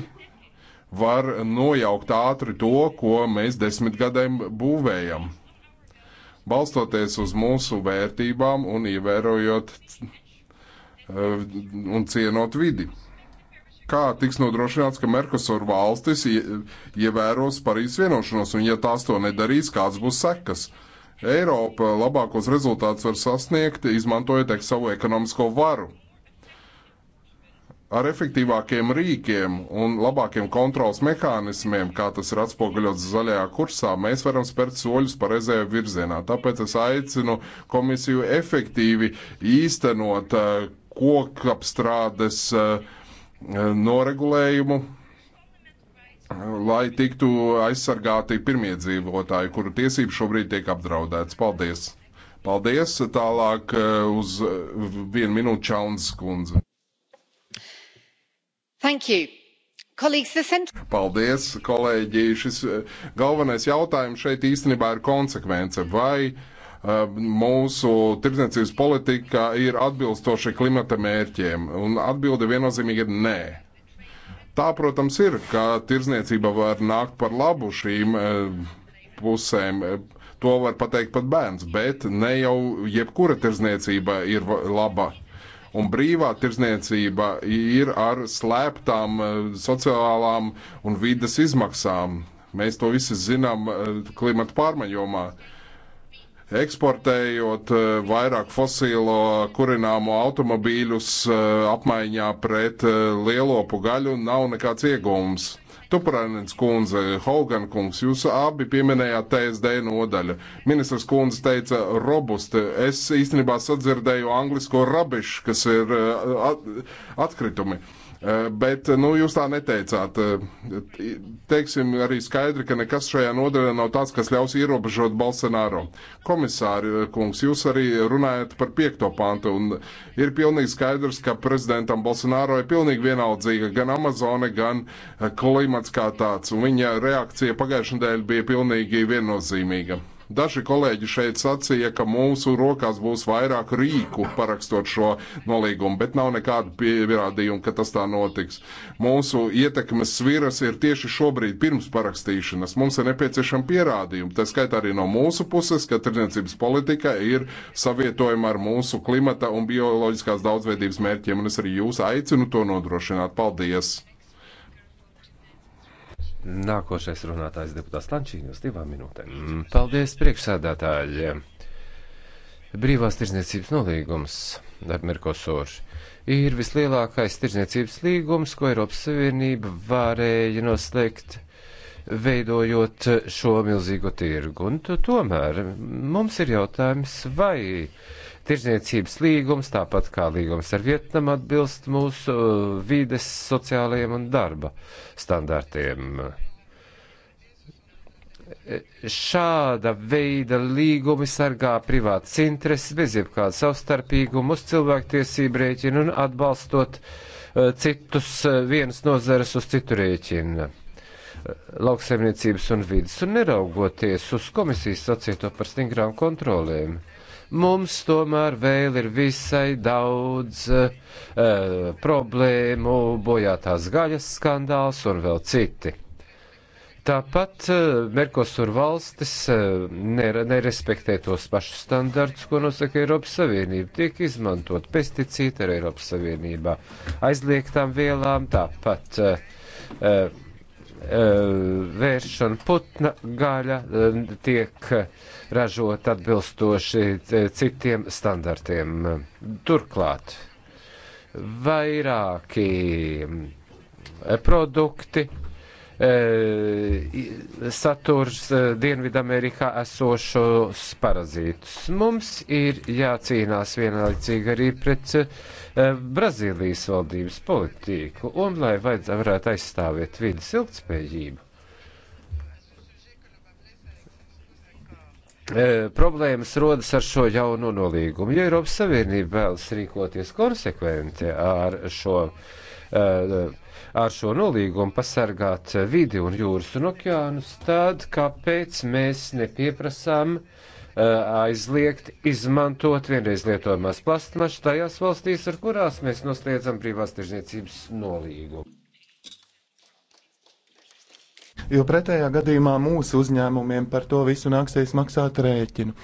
var nojaukt ātri to, ko mēs desmit gadiem būvējam. Balstoties uz mūsu vērtībām un ievērojot Eh, un cienot vidi. Kā tiks nodrošināts, ka Merkosur valstis ievēros Parīzes vienošanos, un ja tās to nedarīs, kāds būs sekas? Eiropa labākos rezultātus var sasniegt, izmantojot savu ekonomisko varu ar efektīvākiem rīkiem un labākiem kontrols mehānismiem, kā tas ir atspoguļots zaļajā kursā, mēs varam spērt soļus pareizajā virzienā. Tāpēc es aicinu komisiju efektīvi īstenot eh, kokapstrādes eh, noregulējumu, lai tiktu aizsargāti pirmie dzīvotāji, kuru tiesības šobrīd tiek apdraudētas. Paldies! Paldies! Tālāk eh, uz vienu minūtu Čauns kundze. Paldies, kolēģi. Šis eh, galvenais jautājums šeit īstenībā ir konsekvence. Vai eh, mūsu tirdzniecības politika ir atbilstoša klimata mērķiem? Un atbilde viennozīmīgi ir nē. Tā, protams, ir, ka tirdzniecība var nākt par labu šīm eh, pusēm. To var pateikt pat bērns, bet ne jau jebkura tirdzniecība ir laba Un brīvā tirzniecība ir ar slēptām eh, sociālām un vidas izmaksām. Mēs to visi zinām eh, klimata pārmaiņomā. Eksportējot eh, vairāk fosīlo kurināmo automobīļus apmaiņā pret lielopu gaļu nav nekāds iegūms Tuparēnins kundze, Hogan kungs, jūs abi pieminējāt TSD nodaļu. Ministrs kundze teica robusti. Es īstenībā sadzirdēju anglisko rabišu, kas ir eh, atkritumi. Uh, Eh, bet nu, jūs tā neteicāt. Eh, teiksim arī skaidri, ka nekas šajā nodaļā nav tāds, kas ļaus ierobežot Bolsonaro. Komisāri eh, kungs, jūs arī runājat par piekto pantu, un ir pilnīgi skaidrs, ka prezidentam Bolsonaro ir pilnīgi vienaldzīga gan Amazone, gan klimats kā tāds, un viņa reakcija pagājušajā nedēļā bija pilnīgi viennozīmīga. Daži kolēģi šeit sacīja, ka mūsu rokās būs vairāk rīku parakstot šo nolīgumu, bet nav nekādu pierādījumu, ka tas tā notiks. Mūsu ietekmes sviras ir tieši šobrīd pirms parakstīšanas. Mums ir nepieciešama pierādījuma. Tā skaitā arī no mūsu puses, ka tirdzniecības politika ir savietojama ar mūsu klimata un bioloģiskās daudzveidības mērķiem, un es arī jūs aicinu to nodrošināt. Paldies! Nākošais runātājs deputāts Lančīni uz divām minūtēm. Paldies priekšsēdētāji! Brīvās tirzniecības nolīgums ar Merkosoru ir vislielākais tirzniecības līgums, ko Eiropas Savienība varēja noslēgt veidojot šo milzīgo tirgu. Un tomēr mums ir jautājums, vai tirzniecības līgums, tāpat kā līgums ar Vietnamu, atbilst mūsu uh, vides, sociālajiem un darba standartiem. Šāda veida līgumi sargā privātas intereses bez jebkāda savstarpīguma uz cilvēktiesību rēķinu un atbalstot uh, citus uh, vienas nozares uz citu rēķinu lauksaimniecības un vidas, un neraugoties uz komisijas sacīto par stingrām kontrolēm. Mums tomēr vēl ir visai daudz uh, problēmu, bojātās gaļas skandāls un vēl citi. Tāpat uh, Merkosur valstis uh, eh, ner nerespektē tos pašus standartus, ko nosaka Eiropas Savienība. Tiek izmantot pesticīti ar Eiropas Savienībā aizliegtām vielām, tāpat uh, uh, vēršana putna gaļa eh, tiek ražot atbilstoši eh, citiem standartiem. Turklāt vairāki eh, produkti Eh, saturs eh, Dienvidamerikā esošos parazītus. Mums ir jācīnās vienlaicīgi arī pret eh, Brazīlijas valdības politiku un lai vajadzētu varētu aizstāvēt vidas ilgtspējību. Problēmas rodas ar šo jauno nolīgumu. Ja Eiropas Savienība vēlas rīkoties konsekventi ar šo uh, ar šo nolīgumu pasargāt vidi un jūras un okeānus, tad kāpēc mēs nepieprasām eh, aizliegt izmantot vienreiz lietojamās plastmašas tajās valstīs, ar kurās mēs noslēdzam privās tirzniecības nolīgumu? Jo pretējā gadījumā mūsu uzņēmumiem par to visu nāksies maksāt rēķinu.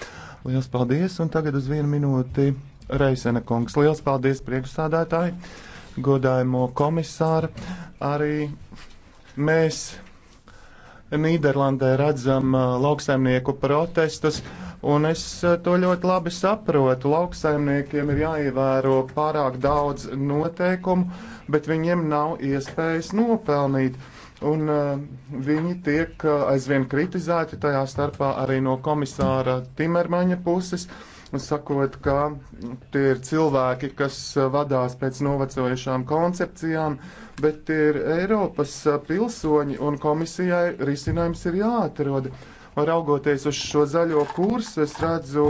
Lielas paldies, un tagad uz vienu minūti Reisena kungs. Lielas paldies priekšsādātāji! godājumo komisāru. Arī mēs Nīderlandē redzam uh, lauksaimnieku protestus, un es uh, to ļoti labi saprotu. Lauksaimniekiem ir jāievēro pārāk daudz noteikumu, bet viņiem nav iespējas nopelnīt. Un uh, viņi tiek uh, aizvien kritizēti, tajā starpā arī no komisāra Timermaņa puses. Uh, sakot, ka tie ir cilvēki, kas vadās pēc novecojušām koncepcijām, bet ir Eiropas pilsoņi un komisijai risinājums ir jāatrod. Raugoties uz šo zaļo kursu, es redzu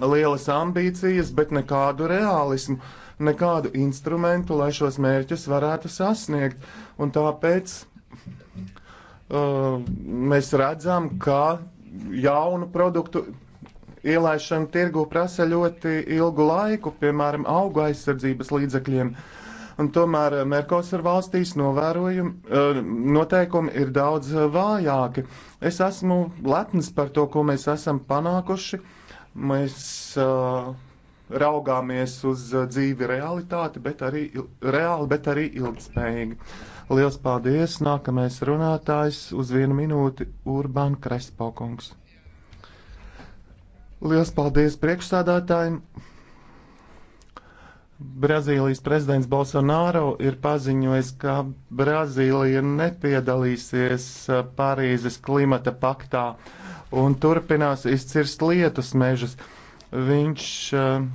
lielas ambīcijas, bet nekādu realismu, nekādu instrumentu, lai šos mērķus varētu sasniegt. Un tāpēc uh, mēs redzam, ka jaunu produktu Ielaišana tirgu prasa ļoti ilgu laiku, piemēram, auga aizsardzības līdzekļiem. Un tomēr Merkosur valstīs eh, noteikumi ir daudz eh, vājāki. Es esmu lepns par to, ko mēs esam panākuši. Mēs uh, raugāmies uz dzīvi realitāti, bet arī, reāli, bet arī ilgspējīgi. Liels paldies! Nākamais runātājs uz vienu minūti Urban Krespokungs. Lielas paldies priekšsādātājiem! Brazīlijas prezidents Bolsonaro ir paziņojis, ka Brazīlija nepiedalīsies uh, Parīzes klimata paktā un turpinās izcirst lietus mežus. Viņš uh,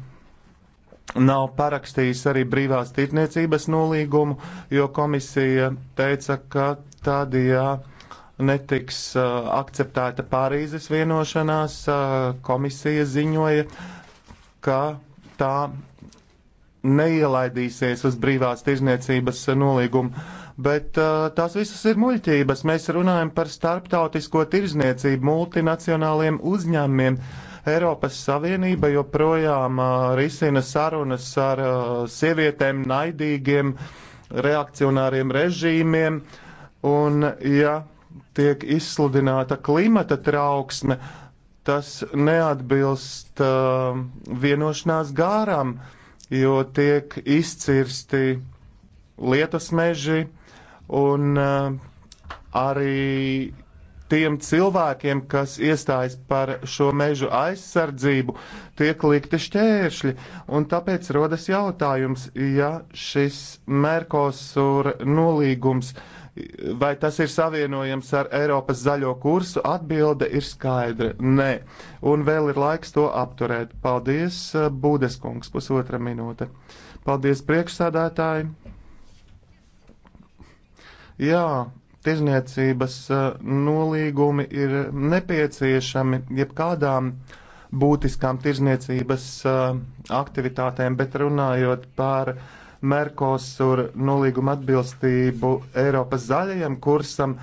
nav parakstījis arī brīvās tirtniecības nolīgumu, jo komisija teica, ka tādējādi netiks uh, akceptēta Pārīzes vienošanās, uh, komisija ziņoja, ka tā neielaidīsies uz brīvās tirzniecības nolīgumu. Bet uh, tās visas ir muļķības. Mēs runājam par starptautisko tirzniecību, multinacionāliem uzņēmumiem. Eiropas Savienība joprojām uh, risina sarunas ar uh, sievietēm, naidīgiem, reakcionāriem režīmiem. Un, ja tiek izsludināta klimata trauksme, tas neatbilst uh, vienošanās gārām, jo tiek izcirsti lietus meži un uh, arī tiem cilvēkiem, kas iestājas par šo mežu aizsardzību, tiek likti šķēršļi. Un tāpēc rodas jautājums, ja šis Merkosur nolīgums uh, Vai tas ir savienojams ar Eiropas zaļo kursu? Atbilde ir skaidra - nē. Un vēl ir laiks to apturēt. Paldies, eh, Būdeskungs, pusotra minūte. Paldies, priekšsādātāji. Jā, tirzniecības eh, nolīgumi ir nepieciešami jebkādām būtiskām tirzniecības eh, aktivitātēm, bet runājot par uh, Merkosur nolīguma atbilstību Eiropas zaļajam kursam,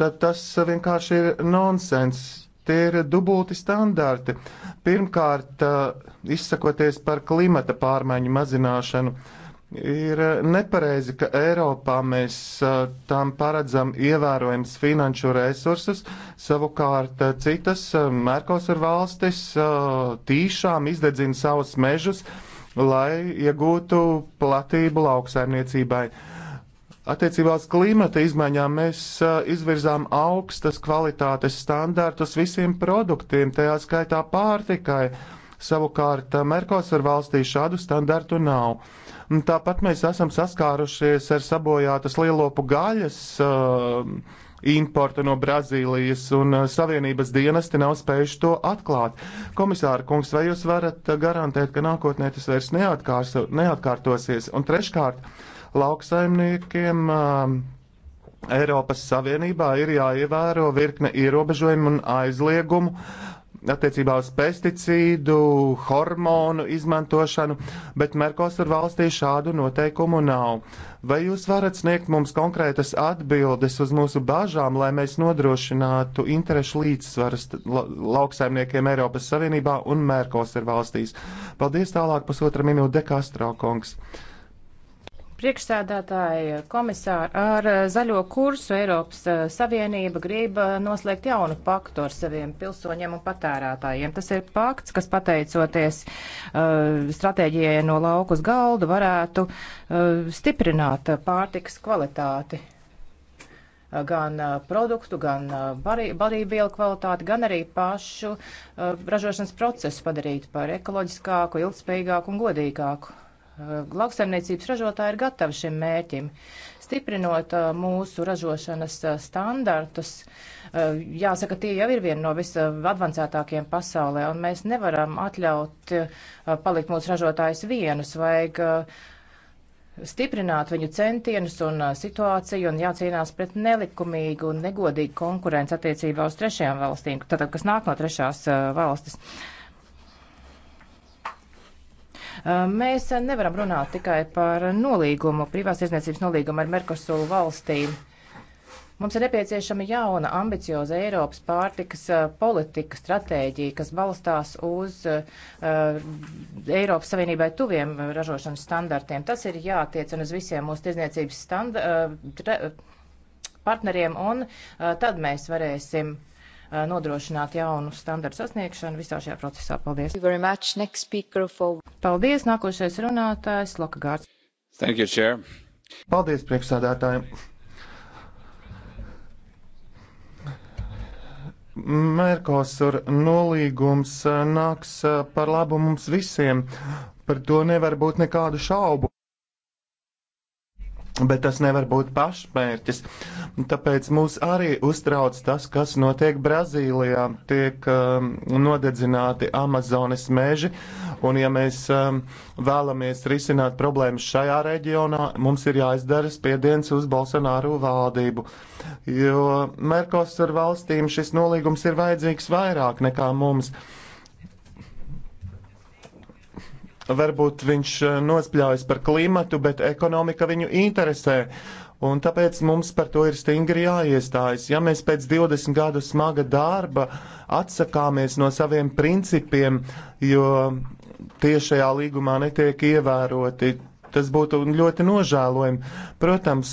tad tas vienkārši ir nonsens. Tie ir dubulti standarti. Pirmkārt, eh, izsakoties par klimata pārmaiņu mazināšanu, ir nepareizi, ka Eiropā mēs eh, tam paredzam ievērojams finanšu resursus, savukārt eh, citas Merkosur valstis tīšām izdedzina savus mežus, lai iegūtu platību lauksaimniecībai. Attiecībā uz klimata izmaiņām mēs izvirzām augstas kvalitātes standārtus visiem produktiem, tajā skaitā pārtikai. Savukārt Merkosur valstī šādu standartu nav. Un tāpat mēs esam saskārušies ar sabojātas lielopu gaļas uh, importu no Brazīlijas, un eh, Savienības dienesti nav spējuši to atklāt. Komisāra kungs, vai jūs varat eh, garantēt, ka nākotnē tas vairs neatkārs, neatkārtosies? Un treškārt, lauksaimniekiem um, Eiropas Savienībā ir jāievēro virkne ierobežojumu un aizliegumu attiecībā uz pesticīdu, hormonu izmantošanu, bet Merkosur valstī šādu noteikumu nav. Vai jūs varat sniegt mums konkrētas atbildes uz mūsu bažām, lai mēs nodrošinātu interešu līdzsvaras lauksaimniekiem Eiropas Savienībā un Merkosur valstīs? Paldies tālāk pusotra minūte Dekastro kungs. Priekšsēdētāji, komisāri, ar eh, zaļo kursu Eiropas eh, Savienība grib eh, noslēgt jaunu paktu ar saviem pilsoņiem un patērētājiem. Tas ir pakts, kas pateicoties uh, stratēģijai no laukus galdu varētu uh, stiprināt pārtikas kvalitāti gan produktu, gan barībvielu kvalitāti, gan arī pašu ražošanas procesu padarīt par ekoloģiskāku, ilgspējīgāku un godīgāku. Eh, lauksaimniecības ražotāji ir gatavi šim mērķim. Stiprinot eh, mūsu ražošanas eh, standartus, jāsaka, tie jau ir viena no visadvancētākajiem pasaulē, un mēs nevaram atļaut palikt mūsu ražotājus vienus. Vajag stiprināt viņu centienus un situāciju un jācīnās pret nelikumīgu un negodīgu konkurenci attiecībā uz trešajām valstīm, tātad, kas nāk no trešās valstis. Uh, Mēs nevaram runāt tikai par nolīgumu, privās izniecības nolīgumu ar Merkosulu valstīm. Mums ir nepieciešama jauna, ambicioza Eiropas pārtikas politika, stratēģija, kas balstās uz uh, Eiropas Savienībai tuviem ražošanas standartiem. Tas ir jātiecina uz visiem mūsu tirzniecības uh, partneriem, un uh, tad mēs varēsim Eh, nodrošināt jaunu standartu sasniegšanu visā šajā procesā. Paldies! For... Paldies! Nākošais runātājs Lokagārds. Thank you, Chair. Paldies, priekšsādātājiem! Merkosur nolīgums eh, nāks eh, par labu mums visiem. Par to nevar būt nekādu šaubu. Bet tas nevar būt pašmērķis. Tāpēc mūs arī uztrauc tas, kas notiek Brazīlijā. Tiek um, nodedzināti Amazonas meži, un ja mēs um, vēlamies risināt problēmas šajā reģionā, mums ir jāizdara spiediens uz Bolsonāru valdību. Jo Merkos ar valstīm šis nolīgums ir vajadzīgs vairāk nekā mums. Uh, varbūt viņš eh, nospļaujas par klimatu, bet ekonomika viņu interesē. Un tāpēc mums par to ir stingri jāiestājas. Ja mēs pēc 20 gadu smaga darba atsakāmies no saviem principiem, jo tiešajā līgumā netiek ievēroti, tas būtu ļoti nožēlojami. Protams,